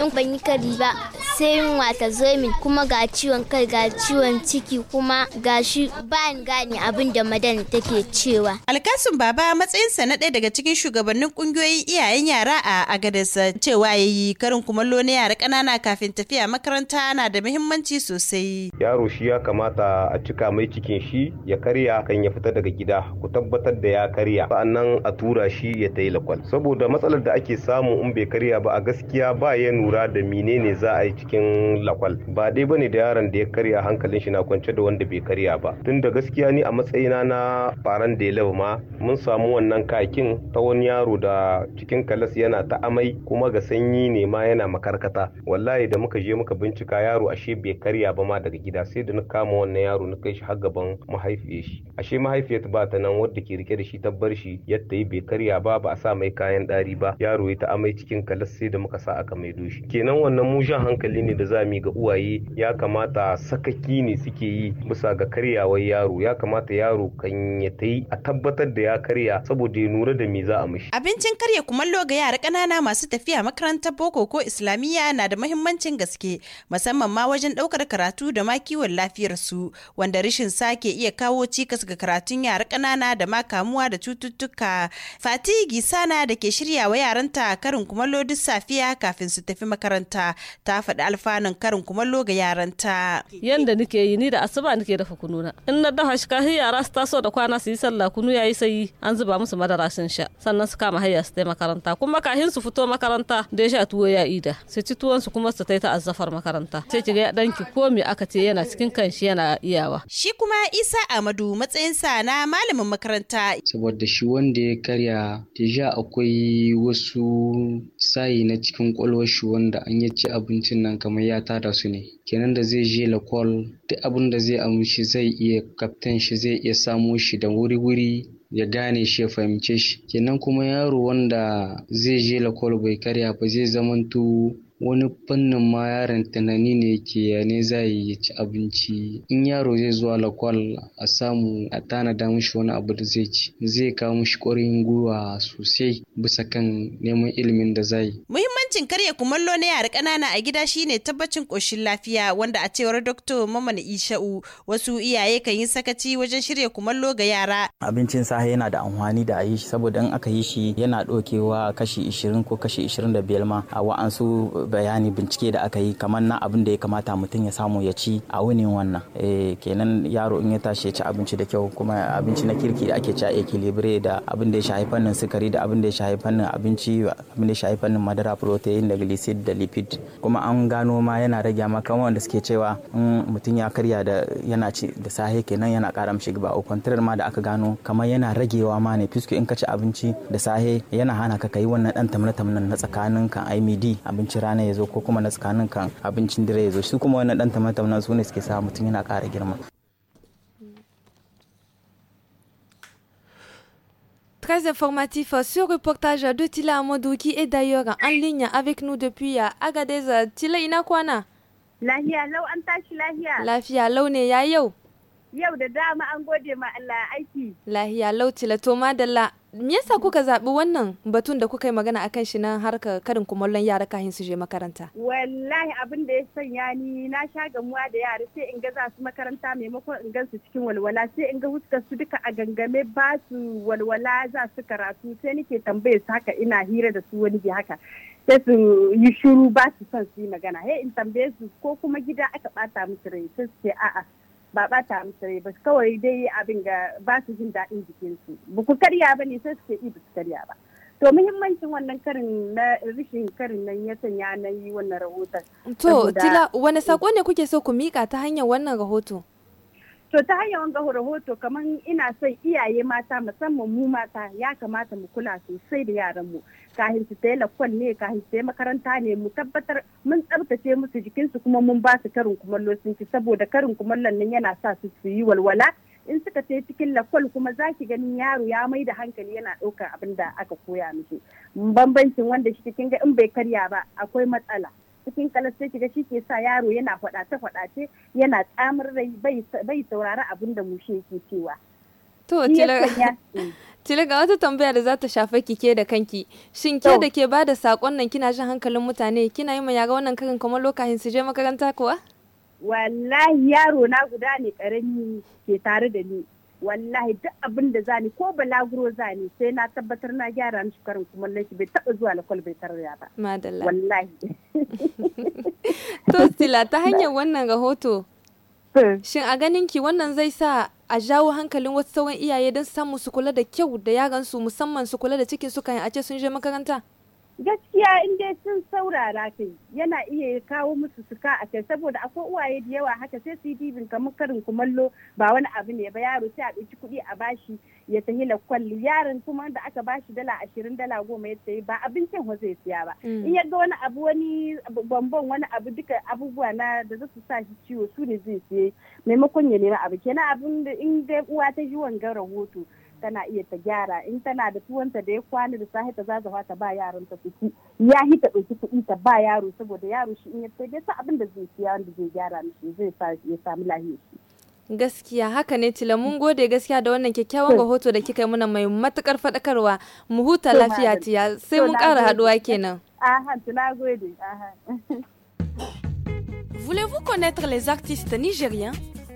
in ban yi kari ba sai yunwa wata zo min kuma ga ciwon kai ga ciwon ciki kuma ga shi bayan gane abin da madan take cewa. Alkasun baba matsayinsa na ɗaya daga cikin shugabannin kungiyoyin iyayen yara a agadarsa cewa ya yi karin kumallo na yara ƙanana kafin tafiya makaranta na da muhimmanci sosai. Yaro shi ya kamata a cika mai cikin shi ya karya kan ya fita daga gida ku tabbatar da ya karya sa'annan a tura shi ya tayi lakwal saboda matsalar da ake samu in bai karya ba a gaskiya ba yanu lura da menene za a yi cikin lakwal ba dai bane da yaron da ya karya hankalin shi na kwance da wanda bai karya ba tun da gaskiya ni a matsayina na faran da ya ma mun samu wannan kakin ta wani yaro da cikin kalas yana ta amai kuma ga sanyi ne ma yana makarkata wallahi da muka je muka bincika yaro ashe bai karya ba ma daga gida sai da na kama wannan yaro na kai shi har gaban mahaifiyar shi ashe mahaifiyar ba ta nan wadda ke rike da shi ta bar shi yadda yi bai karya ba ba a sa mai kayan ɗari ba yaro ya ta amai cikin kalas sai da muka sa aka mai kenan wannan mushan hankali ne da za mu ga uwaye ya kamata sakaki ne suke yi bisa ga karyawar yaro ya kamata yaro kan ya ta yi a tabbatar da ya karya saboda ya nura da me za a mishi abincin karya kumallo ga yara ƙanana masu tafiya makarantar boko ko islamiyya na da mahimmancin gaske musamman ma wajen ɗaukar karatu da ma kiwon lafiyar su wanda rashin ke iya kawo cikas ga karatun yara ƙanana da ma kamuwa da cututtuka fatigi sana da ke shirya wa yaranta karin kumallo duk safiya kafin su tafi tafi makaranta ta faɗi alfanun karin kumallo ga yaranta. Yanda nike yi ni da asuba nake dafa na. In na dafa shi kafin yara su taso da kwana su yi sallah kunu ya yi sayi an zuba musu madara sun sha sannan su kama hayya su tai makaranta kuma kahin su fito makaranta da ya sha tuwo ya ida su ci tuwon su kuma su tai ta azzafar makaranta. Sai kiga ya danki ko me aka ce yana cikin kanshi yana iyawa. Shi kuma Isa Amadu matsayinsa na malamin makaranta. Saboda shi wanda ya karya deja akwai wasu sayi na cikin kwalwar su wanda an yi ci abincin nan kamar ya tada su ne kenan da zai je lakol duk abin da zai amshi zai iya kaftan shi zai iya samo shi da wuri-wuri ya gane shi ya fahimce shi kenan kuma yaro wanda zai je lakol bai karya ba zai zamantu wani fannin ma yaron tunani ne yake ya ne za yi ya ci abinci in yaro zai zuwa lakwal a samu a tanada mishi wani abu da zai ci zai kawo mishi ƙwarin gwiwa sosai bisa kan neman ilimin da zai yi. Muhimmancin karya kumallo na yara ƙanana a gida shine tabbacin ƙoshin lafiya wanda a cewar Dr. Maman Isha'u wasu iyaye kan yi sakaci wajen shirya kumallo ga yara. Abincin safe yana da amfani da a yi shi saboda in aka yi shi yana ɗokewa kashi 20 ko kashi 25 ma a wa'ansu bayani bincike da aka yi kamar na abin da ya kamata mutum ya samu ya ci a wunin wannan eh, kenan yaro in ya tashi ya ci abinci da kyau kuma abinci na kirki da ake ci a da abin da ya shafi fannin sukari da abin da ya shafi fannin abinci abin da ya shafi fannin madara protein da glycid da lipid kuma an gano ma yana rage maka wanda suke cewa in mutum ya karya da yana ci da sahe kenan yana kara mishi gaba o contraire ma da aka gano kamar yana ragewa ma ne fiske in ka ci abinci da sahe yana hana ka kai wannan dan tamna tamnan na tsakanin kan IMD abinci rana rana ya zo ko kuma na tsakanin kan abincin dire ya zo su kuma wannan dan tamatauna su ne suke sa mutum yana ƙara girma 13 informatif ce reportage de Tila Amadou qui est d'ailleurs en ligne avec nous depuis euh, Agadez. Tila Inakwana. Lahiya lau an tashi lahiya. Lafiya lau ne ya yau. Yau da dama an gode ma Allah aiki. Lahiya lau Tila to madalla. me yasa kuka zaɓi wannan batun da kuka yi magana a kan shi na harka karin kumallon yara kahin su je makaranta? Wallahi abin da ya sanya ni na sha gamuwa da yara sai in ga za su makaranta maimakon in gansu cikin walwala sai in ga huskar su duka a gangame ba su walwala za su karatu sai nake tambaye su haka ina hira da su wani haka. sai su yi shiru ba su son su yi magana. Hey in tambaye su ko kuma gida aka ɓata musu rai sai su ce a'a ba bata musu ba kawai dai abin ga ba su jin daɗin jikinsu ba ku karya ba ne sai suke ce su karya ba to muhimmancin wannan karin na rishin karin nan ya sanya na yi wannan rahoton to tila wani eh. sako ne kuke so ku mika ta hanyar wannan rahoto To ta hanyar wanga rahoto kamar ina son iyaye mata musamman mu mata ya kamata mu kula sosai da yaran mu. Kahin su tayi lakwal ne, ta su makaranta ne, mu tabbatar mun tsabtace musu jikinsu kuma mun ba su karin kumallo sun ci saboda karin kumallon nan yana sa su su yi walwala. In suka ce cikin lakwal kuma za ki ganin yaro ya mai da hankali yana ɗaukar abin da aka koya musu Bambancin wanda shi cikin ga in bai karya ba akwai matsala. cikin ki ga shi ke sa yaro yana faɗace faɗace yana tsamar rai bai saurari abin da mushe ke cewa to tila (laughs) ga wata tambaya da za ta shafa ke da kanki shin ke da ke ba da sakon nan kina jin hankalin mutane kina yi wa yaga wannan karin kamar lokacin su je makaranta kuwa wallahi yaro na guda ne karami ke tare da ni wallahi duk abin da zani ko balaguro zani sai na tabbatar na gyara mishi karin kuma shi bai taba zuwa lakwal bai tarya ba madalla wallahi to stila ta hanyar wannan rahoto eh. shin a ganin ki wannan zai sa a jawo hankalin wasu sauran iyaye don samu su kula da kyau da yaran su musamman su kula da cikin su kan a ce sun je makaranta gaskiya in dai sun saurara kai yana iya kawo musu suka a kai saboda akwai uwaye da yawa haka sai su yi dibin kamar karin kumallo ba wani abu ne ba yaro sai a ɗauki kuɗi a bashi ya tafi lakwalli yaron kuma da aka bashi dala ashirin dala goma ya sayi ba abincin wa zai siya ba mm. in ya ga wani abu wani bambam wani abu duka abubuwa na da zasu sa shi ciwo su ne zai siye maimakon ya nema abu kenan abin da in dai uwa ta ji wanga rahoto tana iya ta gyara in tana da tuwanta da ya kwana da sahi ta za zazzawa ta ba yaron ta kuki ya hi ta ɗauki kuɗi ta ba yaro saboda yaro shi in ya sai dai abin da zai siya wanda zai gyara mishi zai sa ya samu lahiyar shi gaskiya haka ne tila mun gode gaskiya da wannan kyakkyawan rahoto da kika yi muna mai matukar faɗakarwa mu huta lafiya tiya sai mun kara haɗuwa kenan aha tuna gode aha Voulez-vous connaître les artistes nigériens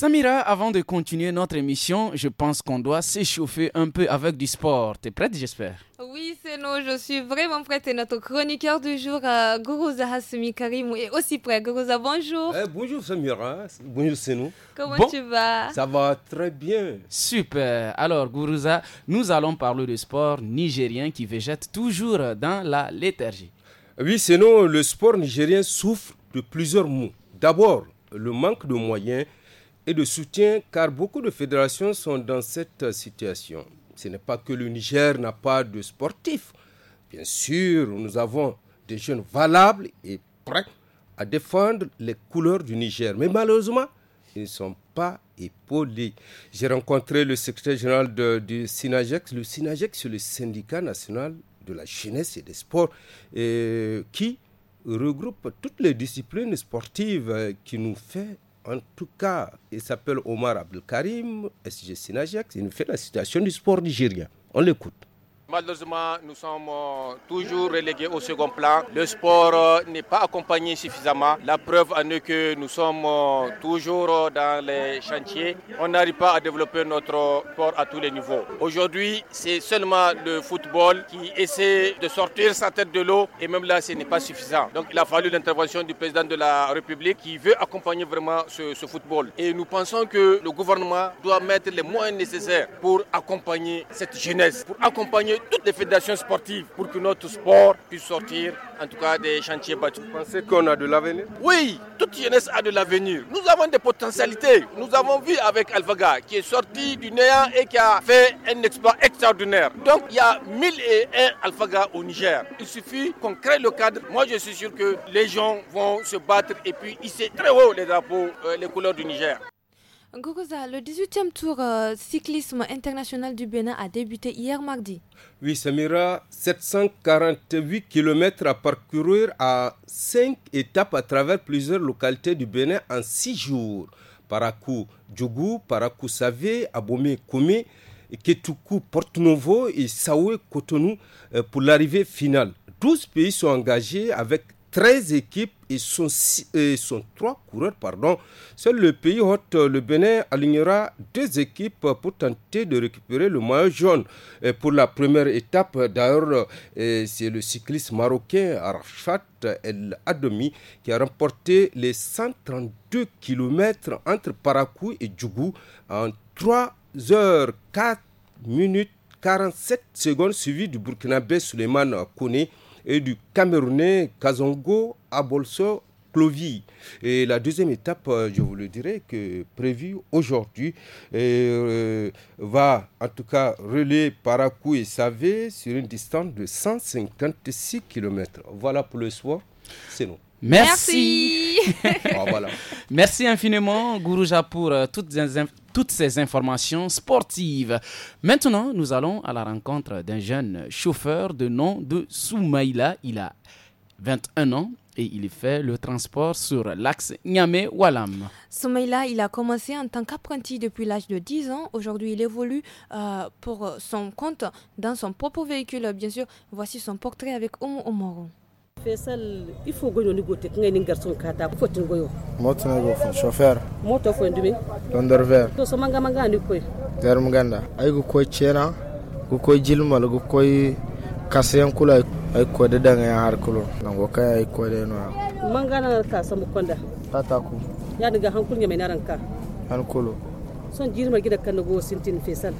Samira, avant de continuer notre émission, je pense qu'on doit s'échauffer un peu avec du sport. es prête, j'espère Oui, c'est Je suis vraiment prête. Et notre chroniqueur du jour, Guruza euh, Gourouza Karim, est aussi prêt. Gourouza, bonjour. Eh, bonjour, Samira. Bonjour, c'est Comment tu vas Ça va très bien. Super. Alors, Gourouza, nous allons parler du sport nigérien qui végète toujours dans la léthargie. Oui, c'est Le sport nigérien souffre de plusieurs maux. D'abord, le manque de moyens et de soutien car beaucoup de fédérations sont dans cette situation. Ce n'est pas que le Niger n'a pas de sportifs. Bien sûr, nous avons des jeunes valables et prêts à défendre les couleurs du Niger. Mais malheureusement, ils ne sont pas épaulés. J'ai rencontré le secrétaire général du SINAGEX. Le SINAGEX, c'est le syndicat national de la jeunesse et des sports euh, qui regroupe toutes les disciplines sportives euh, qui nous fait en tout cas, il s'appelle Omar Abdelkarim, SG Sinajak. Il nous fait la situation du sport nigérien. On l'écoute. Malheureusement, nous sommes euh, toujours relégués au second plan. Le sport euh, n'est pas accompagné suffisamment. La preuve en est que nous sommes euh, toujours dans les chantiers. On n'arrive pas à développer notre sport à tous les niveaux. Aujourd'hui, c'est seulement le football qui essaie de sortir sa tête de l'eau et même là, ce n'est pas suffisant. Donc, il a fallu l'intervention du président de la République qui veut accompagner vraiment ce, football. Et nous pensons que le gouvernement doit mettre les moyens nécessaires pour accompagner cette jeunesse, pour accompagner toutes les fédérations sportives pour que notre sport puisse sortir, en tout cas, des chantiers battus. Vous pensez qu'on a de l'avenir Oui, toute jeunesse a de l'avenir. Nous avons des potentialités. Nous avons vu avec Alphaga qui est sorti du néant et qui a fait un exploit extraordinaire. Donc, il y a et 1001 Alphaga au Niger. Il suffit qu'on crée le cadre. Moi, je suis sûr que les gens vont se battre et puis hisser très haut les drapeaux, euh, les couleurs du Niger. Goukouza, le 18e tour euh, cyclisme international du Bénin a débuté hier mardi. Oui, Samira, 748 km à parcourir à 5 étapes à travers plusieurs localités du Bénin en 6 jours. Parakou Djougou, Parakou Savé, abome Koumé, Ketoukou Porto Novo et Saoué Cotonou euh, pour l'arrivée finale. 12 pays sont engagés avec 13 équipes et sont, 3 coureurs. Pardon. Seul le pays hôte, euh, le Bénin, alignera deux équipes pour tenter de récupérer le maillot jaune. pour la première étape, d'ailleurs, euh, c'est le cycliste marocain Arafat El Adomi qui a remporté les 132 km entre Parakou et Djougou en 3 h 4 minutes 47 secondes, suivi du Burkinabé Suleiman Kone et du Camerounais Kazongo à Bolso Clovis. Et la deuxième étape, euh, je vous le dirai, que prévue aujourd'hui, euh, euh, va en tout cas relier Parakou et Savé sur une distance de 156 km. Voilà pour le soir. C'est nous. Merci. Merci. (laughs) Ah, voilà. Merci infiniment, Gourouja, pour les informations toutes ces informations sportives. Maintenant, nous allons à la rencontre d'un jeune chauffeur de nom de Soumaïla. Il a 21 ans et il fait le transport sur l'axe Niamey-Walam. Soumaïla, il a commencé en tant qu'apprenti depuis l'âge de 10 ans. Aujourd'hui, il évolue euh, pour son compte dans son propre véhicule, bien sûr. Voici son portrait avec Oumou fesal faut goyo ni gote ngay ni garson kata fotin goyo moto na go fon chauffeur moto fo ndimi dondor ver to so manga manga ni koy der muganda ay go koy chena go koy jilmal go koy kasiyan kula ay ko de danga ya har kulo nan go kay ay ko de no manga na ka samu konda tata ku ya daga hankul nyame naran ka han kulo son jirma gida kan go sintin fesal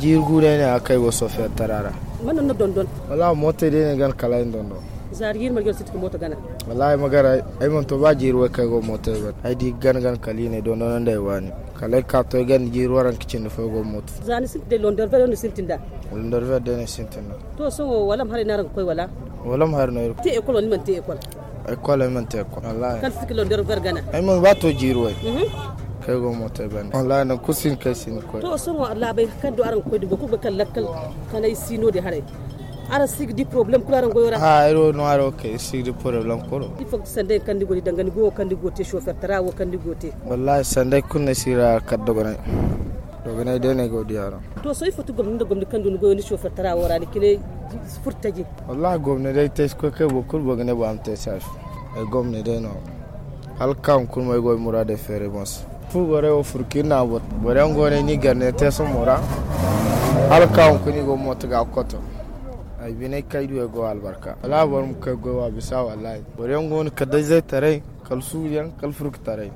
jirgu ne ne akai go sofer tarara manan na dondon wala moto de ne gan kala dondon zargin margir sitka mota gana wallahi magara ay man to ba jiruwa kai go mota ba ay di gan gan kali ne don non dai wani kale ka to gan jiruwa waran kicin fa go mota zani sit de london ve don da london ve don sintinda to so walam har ran koi wala walam har na te ekol ni man te ekol ekol man te ekol wallahi kan sit london ve gana ay man ba to jiruwa wai mhm. kai go mota ba wallahi na kusin kai sin ko to so wallahi kan do aran koi da ko bakal lakal kanai sino de harai ara sigdi problem kula rango yora ha ah, iro no ara okay sigdi problem koro ifo sande kandi gori dangani go kandi gote chauffeur tarawo kandi gote wallahi sande kunna sira kaddogonai dogonai dene godi yaro to so ifo to gomni gomni kandi no goyoni chauffeur tarawo rani kine furtaji wallahi gomni dai tes ko ke bokul bogne bam tes af e gomni dai no halkan kurmai goy murade fere bons fu gore o furkina bot gore ngone ni garne teso mura halkan kuni go motga koto ibine kai duwe go albarka ala war mu kai wa bisa wallahi bore ngon ka dai zai tare kal su yan kal furuk tare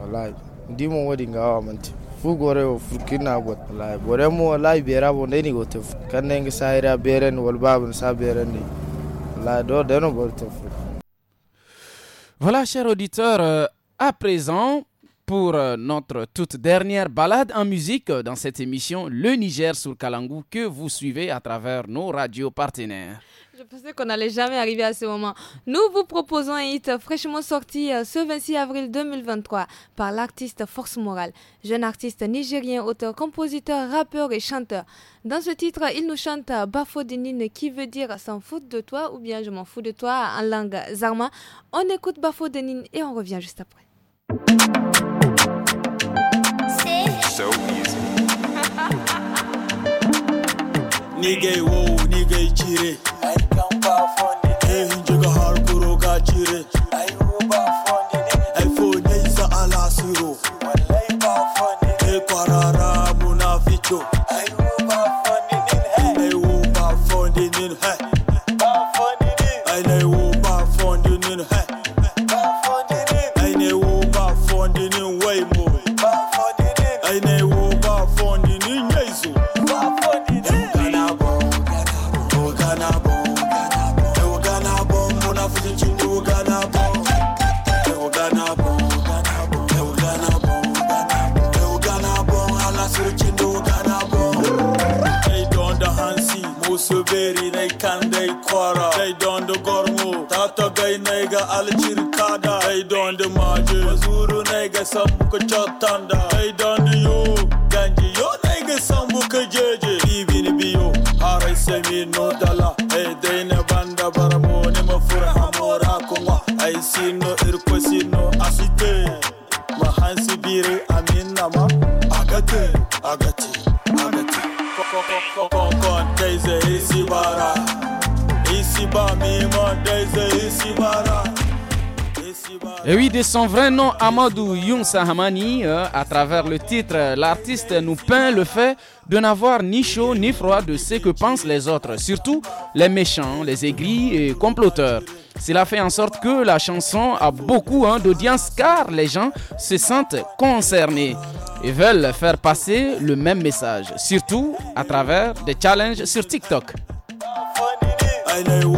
wallahi ndi mo wadi ngawa manti fu gore o furkina got wallahi bore mo wallahi bera bo ndeni go tef kan ne ngi saira beren wal babun sa beren ni wallahi do deno bor tef Voilà, chers auditeurs, euh, à présent, pour euh, notre toute dernière balade en musique euh, dans cette émission Le Niger sur Kalangou que vous suivez à travers nos radios partenaires. Je pensais qu'on n'allait jamais arriver à ce moment. Nous vous proposons un hit fraîchement sorti euh, ce 26 avril 2023 par l'artiste Force Morale, jeune artiste nigérien, auteur, compositeur, rappeur et chanteur. Dans ce titre, il nous chante Denine qui veut dire s'en fout de toi ou bien je m'en fous de toi en langue zarma. On écoute Denine et on revient juste après. so easy. Nigga, whoa, nigga, chire. I don't I don't de maje mazuru sabu Et oui, de son vrai nom, Amadou Youn Sahamani, euh, à travers le titre, l'artiste nous peint le fait de n'avoir ni chaud ni froid de ce que pensent les autres, surtout les méchants, les aigris et comploteurs. Cela fait en sorte que la chanson a beaucoup hein, d'audience car les gens se sentent concernés et veulent faire passer le même message, surtout à travers des challenges sur TikTok. Oh,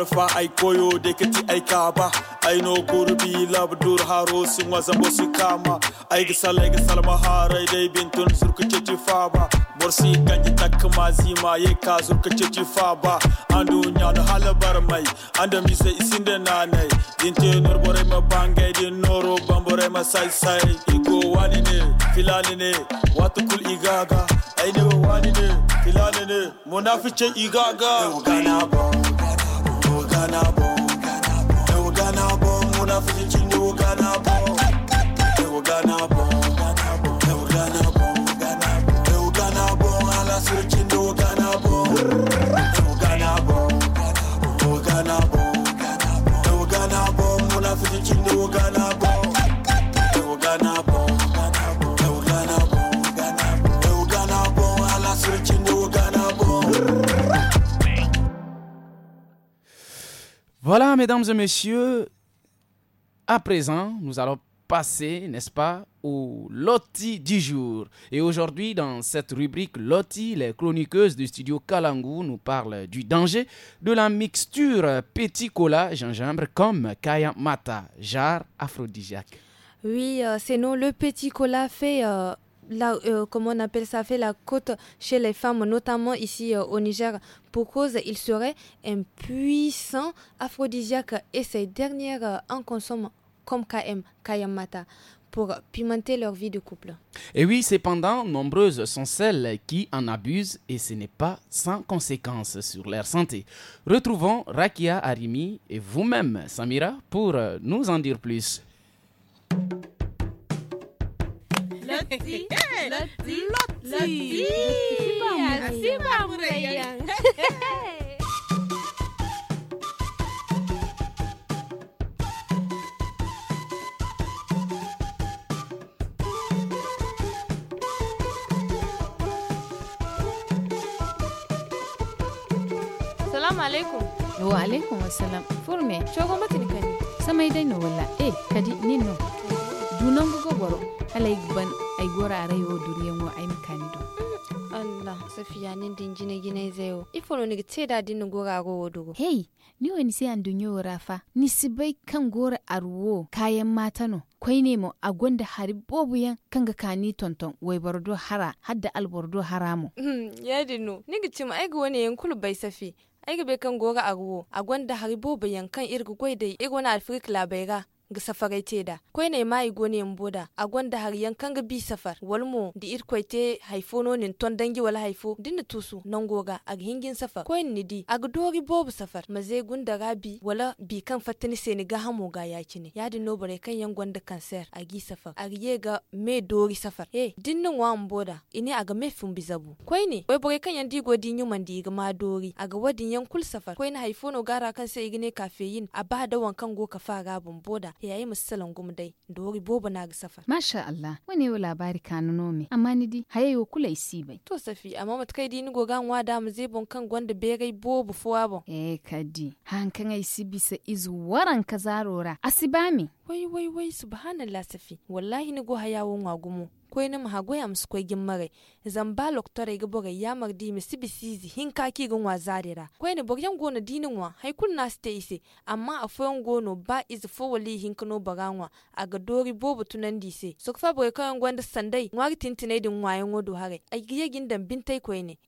alfa ay koyo de kati ay kaba ay no gurbi labdur haro sin waza si kama ay gisal ay gisal mahara dai bintun surku cici faba borsi ganji tak mazima ye ka surku cici faba andu nyan halabar mai anda mi se isinde nanai dinte nor bore ma bangai din noro bambore ma sai sai Iko wani ne filani ne watu kul igaga ai ne wani ne filani ne munafice igaga gana ba Ghana bomb. They were Ghana bomb. When I finish in, they were Ghana bomb. They were Ghana bomb. They were Ghana bomb. They were Ghana bomb. I Ghana bomb. Voilà, mesdames et messieurs, à présent, nous allons passer, n'est-ce pas, au loti du jour. Et aujourd'hui, dans cette rubrique loti, les chroniqueuses du studio Kalangu nous parlent du danger de la mixture petit cola gingembre comme kaya mata, jar aphrodisiaque. Oui, euh, c'est non, le petit cola fait euh, la, euh, on appelle ça, fait la côte chez les femmes, notamment ici euh, au Niger, pour cause il serait un puissant aphrodisiaque et ces dernières euh, en consomment comme KM, Kayamata pour pimenter leur vie de couple. Et oui, cependant, nombreuses sont celles qui en abusent et ce n'est pas sans conséquences sur leur santé. Retrouvons Rakia Arimi et vous-même, Samira, pour nous en dire plus. Lotti, Lati. Lati. Assim vamos, Rayan. Assalamu alaikum. Wa alaikum assalam. Furme, shogon batin kadi. Samai dai no walla. Eh, kadi Nino? dunan gugu boro halay ban ay gora aray duniyan wa ai mukani mikanido Allah safiya nin din jine gine zeo ifolo ni te da din gora go wodugo hey ni wani sai an dunyo rafa ni sibai kan gora arwo kayan mata no kwai ne mo a gonda hari bobu yan kan ga kani tonton wai bardo hara hadda albordo haramu hmm, ya dinu ni mu ai ga wani yankulu bai safi ai ga bai kan gora arwo a gwanda hari bobu yan kan irgu gwai da igwana afrika labaiga ga safarai da. koi ne mai gone mboda a gonda har yankan ga bi safar walmo di ir te haifono nin ton dangi wala haifo dinna tusu nan goga a hingin safar koi ni di a dori bobu safar maze gunda rabi wala bi kan fatani se ga hamo ga yaki ne ya dinno bare kan yan gonda kanser a gi safar a ye ga me dori safar Eh, dinnin wa mboda ini a ga me fun bizabu koi ne wai bare kan yan digo di yuman di ga ma dori a ga wadin yan kul safar koi na haifono gara kan sai igine yin. a ba da wankan go ka fa ga boda yayi dai gumdai wuri bobo na ga safar masha Allah wani yau labari kanu nome amma ni di hayayo kula isi bai to safi amma matkai di ni gogan wa da mu bon kan gwanda berai bobo fuwa bon eh kadi hankan si bisa izu waran ka zarora asibami wai wai wai subhanallah safi wallahi ni go hayawon wa gumo koyne ma hagoya gin koy zan ba loktore ga ya yamar di misi bisizi hinka ki gun wa zarira koyne bogyan gona dinin wa haikun na ste isi amma a foyon gono ba iz fo wali hinkano baganwa a ga dori bobo tunan dise sokfa boga kayan gwanda sandai ngwari tintine din wayan wodo hare a giye gindan bintai na koyne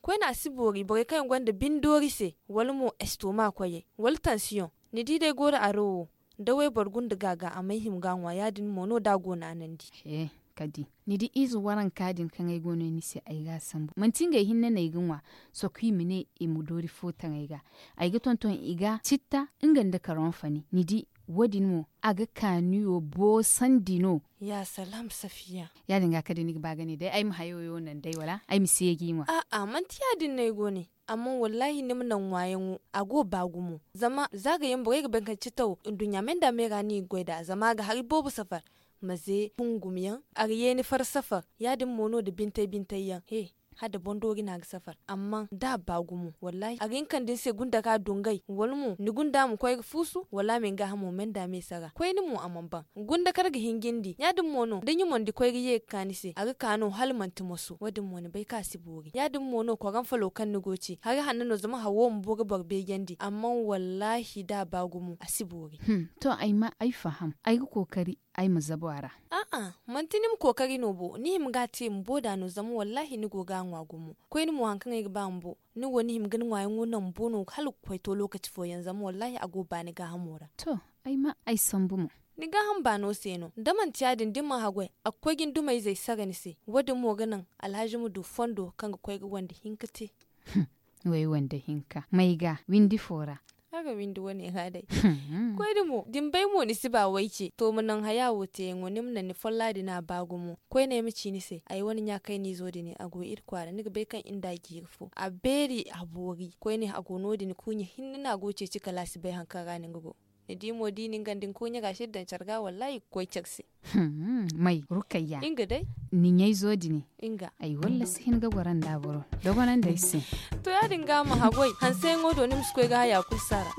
bori boga kayan gwanda bin dori se walmo estoma koye wali tansiyon ni dai gora a rowo dawai bargun da gaga a mai himgawa yadin mono da gona nan di. kadi ni di izu waran kadin kan ai gono ni se ai ga sambu man tinga hinne na igunwa so kui mine e mudori fotan ai ga ai ga tonton iga citta ingan da karon fani ni di wadin mu aga yo bo sandino ya salam safiya ya dinga kadin ni ba gani dai ai mu hayoyo nan dai wala ai mu se yagi mu a a ah, ah, man tiya din nai gone amma wallahi mun nan wayan ago mu. zama zagayen boye ga bankan citta dunya men da me gani goida zama ga har bobu safar maze bungum yan yeni farsafa yadin mono da bintai bintai yan he hada bondogi na safar amma da gumu wallahi a kan din se gunda ka dungai walmu ni gunda mu koy fusu wala min ga hamu men da me saga koy ni mu amman ban gunda kar ga hingindi ya dum mono dan yi di koy ye kanise aga kano ti musu wadin mono bai ka si bogi ya dum mono ko gan falo kan nugoci har hannu no zama hawo mu boga barbe gendi amma wallahi da gumu a si bogi hmm. to ai ma ai faham ai kokari ai mu zabwara a mantini mu kokari no bo ni mu ga te mu boda no zama wallahi ni goga ngwa gumu ni mu hankan ga ba mbo ni wani him gin ngwayin wunan bono hal kwai to lokaci fo yanzu mu wallahi a ba ni ga hamura. to ai ma ai san mu ni ga han ba no seno daman tiyadin ma hagwai akwai gin dumai zai saga ni se wadin mo ganan alhaji mu du fondo kan ga kwai ga wanda hinkate (laughs) wai wanda hinka mai ga windi fora aga min duwa ne ga dai hmm. ko da mu, din bai mu ni siba waike to mun nan haya wote yin wani na ni folla na bagu mu. ko ne mi ci ni sai, ai wani ya kai ni zo ni a go ir kwara ni bai kan inda ki fo a beri abori ko ne a gono da ni kunya hin na goce ci kalasi bai hanka ni gogo ni dimo dini ngandin kunya ga shiddan carga wallahi ko kyaksi hmm, mai rukayya inga dai ni yayi zodi ne inga ai walla sai ga gwaran da buru dogo nan dai si. to ya dinga mu hagoi han sai ngodo nim skoi ga ya kusara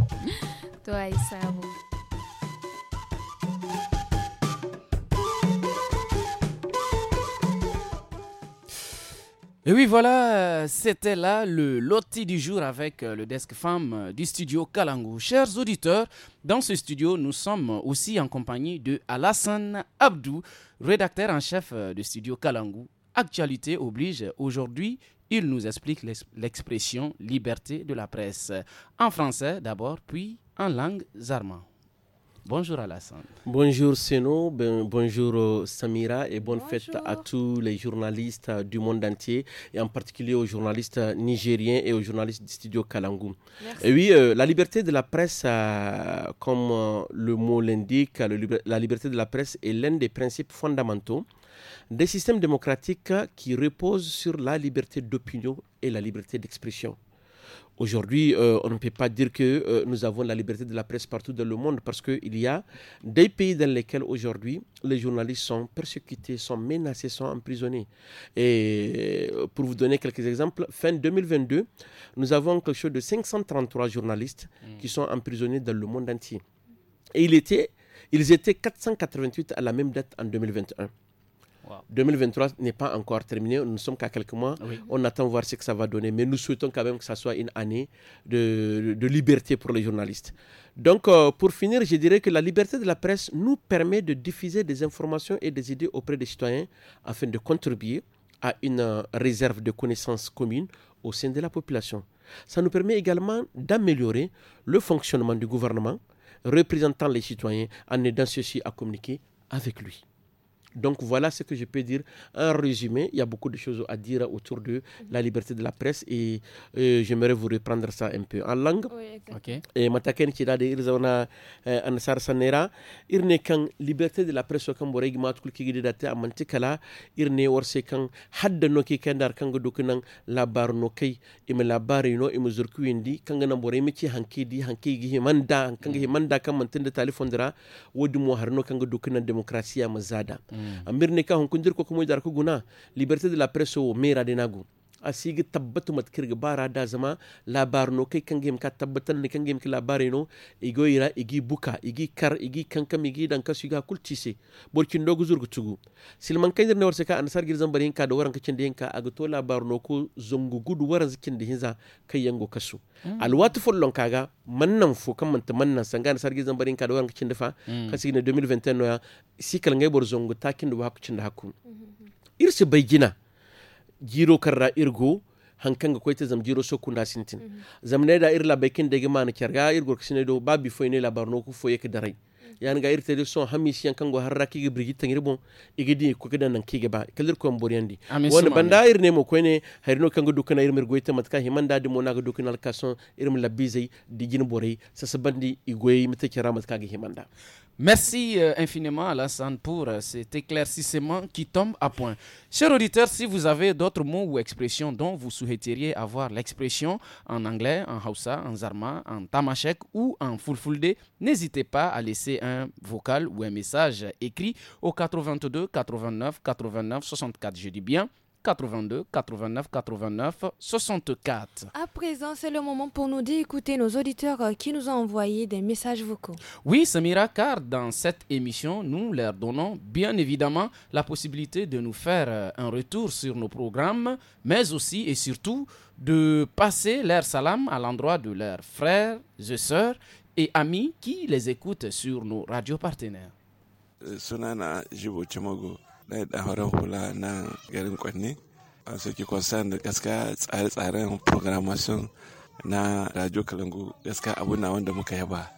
(laughs) to ai sabu Et oui, voilà, c'était là le loti du jour avec euh, le desk femme euh, du studio Kalangu. Chers auditeurs, dans ce studio, nous sommes aussi en compagnie de Alassane Abdou, rédacteur en chef euh, du studio Kalangu. Actualité oblige, aujourd'hui, il nous explique l'expression liberté de la presse. En français d'abord, puis en langue zarma. Bonjour Alassane. Bonjour Seno, ben, bonjour Samira et bonne fête à tous les journalistes du monde entier et en particulier aux journalistes nigériens et aux journalistes du studio Kalangou. oui, euh, la liberté de la presse, euh, comme euh, le mot l'indique, la liberté de la presse est l'un des principes fondamentaux des systèmes démocratiques qui reposent sur la liberté d'opinion et la liberté d'expression. Aujourd'hui, euh, on ne peut pas dire que euh, nous avons la liberté de la presse partout dans le monde parce qu'il y a des pays dans lesquels aujourd'hui les journalistes sont persécutés, sont menacés, sont emprisonnés. Et euh, pour vous donner quelques exemples, fin 2022, nous avons quelque chose de 533 journalistes hmm. qui sont emprisonnés dans le monde entier. Et il ils étaient 488 à la même date en 2021. 2023 n'est pas encore terminé, nous ne sommes qu'à quelques mois. On attend voir ce que ça va donner, mais nous souhaitons quand même que ça soit une année de, liberté pour les journalistes. Donc, euh, pour finir, je dirais que la liberté de la presse nous permet de diffuser des informations et des idées auprès des citoyens afin de contribuer à une euh, réserve de connaissances communes au sein de la population. Ça nous permet également d'améliorer le fonctionnement du gouvernement représentant les citoyens en aidant ceux-ci à communiquer avec lui. Donc voilà ce que je peux dire. Un résumé, il y a beaucoup de choses à dire autour de la liberté de la presse et euh, j'aimerais vous reprendre ça un peu en langue. Oui, Et mataken ci da irzona euh, an sar sanera irne kan liberté de la presse kan boregi matkul ki gidida ta amanti kala irne warse kan hadda no ki kan dar kan dukunan labar no kai im labari no im zurku indi kan ga nambore mi ci hanki di hanki gi himanda kan gi himanda kan mantin da telefon dira wodi mo harno kan dukunan demokrasiya mazada. Mm ambirne ka hunkundir ko kumu jar kuguna liberté de la presse o mera denagu sigi tabbatu mat kirga bara da zama labar no kai kan game ka tabbatar ne kan game ki no igo ira igi buka igi kar igi kankam igi dan kasu ga kultise borkin dogu zurgu tugu silman kan ne warse ka ansar girzan bari hinka da waran kacin da hinka aga to labar no ko zungu gudu waran zikin da hinza kai yango kasu mm. alwatu follon kaga mannan fu kan manta mannan sanga ansar girzan bari ka da waran kacin da fa sigi ne 2021 sikal ngai bor zungu takin da ku cin da hakku mm-hmm. irsi bai gina jiro karra Irgu, hankanga ga kwaita zam jiro sintin mm da irla bekin da gima kyarga do babi foine la ku foye yani ga irte de son hammi siyan kango harra kige brigi tangir bon igidi ko kida nan kige ba kalir ko mboriandi woni banda irne mo ko ne hayrino kango dukana irme goyta matka himanda de monaga dukana alkason irme la bizay di jin sa borey bandi igoy mitakira matka gi himanda Merci euh, infiniment à la Alassane pour euh, cet éclaircissement qui tombe à point. Chers auditeurs, si vous avez d'autres mots ou expressions dont vous souhaiteriez avoir l'expression en anglais, en Hausa, en Zarma, en Tamashek ou en Fulfulde, n'hésitez pas à laisser un vocal ou un message écrit au 82 89 89 64. Je dis bien 82 89 89 64. À présent, c'est le moment pour nous d'écouter nos auditeurs euh, qui nous ont envoyé des messages vocaux. Oui, Samira, car dans cette émission, nous leur donnons bien évidemment la possibilité de nous faire euh, un retour sur nos programmes, mais aussi et surtout de passer leur salam à l'endroit de leurs frères et sœurs et amis qui les écoutent sur nos radios partenaires. Euh, sunana Jibo Chimogo, go na garin Kwanne, en ce qui concerne gaska tsare-tsaren programmation na Radio Kalangu, gaska abu na wanda muka yaba.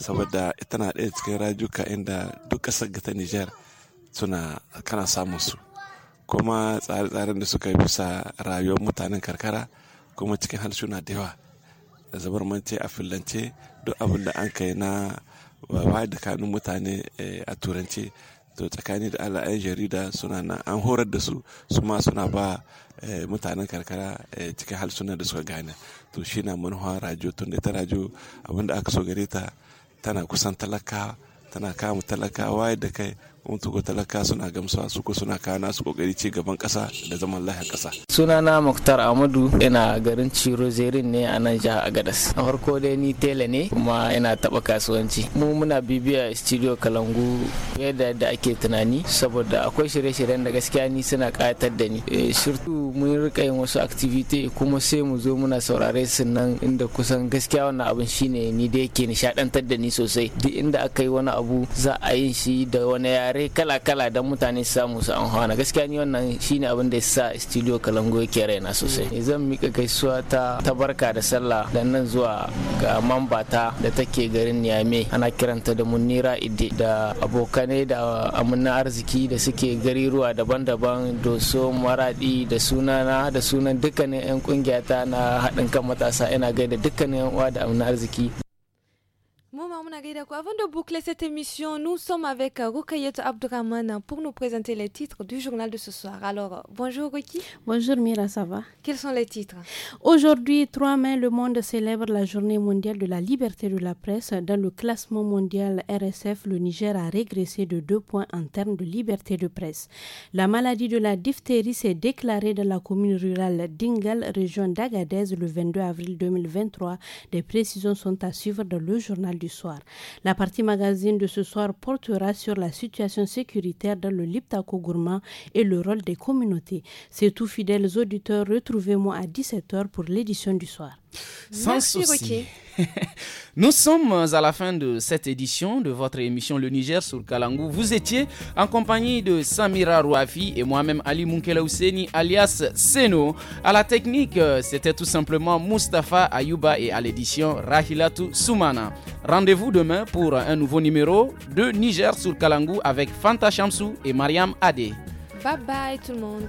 Saboda ita na ɗaya cikin rajuka inda duk ƙasar Niger, Nijar suna kana samun su. Kuma tsare-tsaren da suka yi bisa rayuwar mutanen karkara kuma cikin harsuna da mance a fillance duk abin da an kai na ba da kanun mutane eh, a turance to tsakani da ala'ayin jarida suna nan an horar da su su ma suna ba eh, mutanen karkara eh, cikin halsunan da suka gane to shi na manuwa rajo tun da ta rajo abinda aka so gare ta tana kusan talaka tana kama talaka waye da kai kuma tuko talaka suna gamsuwa su ko suna kana su kokari ci gaban kasa da zaman lahiyar kasa sunana muktar amadu ina garin ciro zerin ne a nan jihar Gadas. a farko dai ni tela ne kuma ina taba kasuwanci mu muna bibiya studio kalangu yadda da ake tunani saboda akwai shirye-shiryen da gaskiya ni suna kayatar da ni eh, shirtu mun rika yin wasu activity kuma sai mu zo muna saurare su nan inda kusan gaskiya wannan abin shine ni da yake nishadantar da ni sosai duk inda aka yi wani abu za a yin shi da wani labarai kala-kala don mutane su samu su amfana gaskiya ni wannan shine abin da ya sa studio kalango yake raina sosai zan mika gaisuwa ta tabarka da sallah da nan zuwa ga mambata da take garin niyame ana kiranta da munira ide da abokanai da amina arziki da suke gariruwa daban-daban doso maradi da sunana da sunan dukkanin 'yan ta na haɗin kan matasa ina gaida dukkanin 'yan uwa da amina arziki Avant de boucler cette émission, nous sommes avec euh, Rukayet Abdurrahman pour nous présenter les titres du journal de ce soir. Alors, euh, bonjour Ruki. Bonjour Mira, ça va Quels sont les titres Aujourd'hui, 3 mai, le monde célèbre la journée mondiale de la liberté de la presse. Dans le classement mondial RSF, le Niger a régressé de deux points en termes de liberté de presse. La maladie de la diphtérie s'est déclarée dans la commune rurale d'Ingal, région d'Agadez, le 22 avril 2023. Des précisions sont à suivre dans le journal du soir. La partie magazine de ce soir portera sur la situation sécuritaire dans le Liptako Gourma et le rôle des communautés. C'est tout fidèles auditeurs, retrouvez-moi à 17h pour l'édition du soir. Sans souci. (laughs) Nous sommes à la fin de cette édition de votre émission Le Niger sur Kalangou. Vous étiez en compagnie de Samira Rouafi et moi-même Ali Munkela alias Seno. À la technique, euh, c'était tout simplement mustafa Ayuba et à l'édition Rahilatu Soumana. Rendez-vous demain pour un nouveau numéro de Niger sur Kalangou avec Fanta Chamsou et Mariam Adé. Bye bye tout le monde.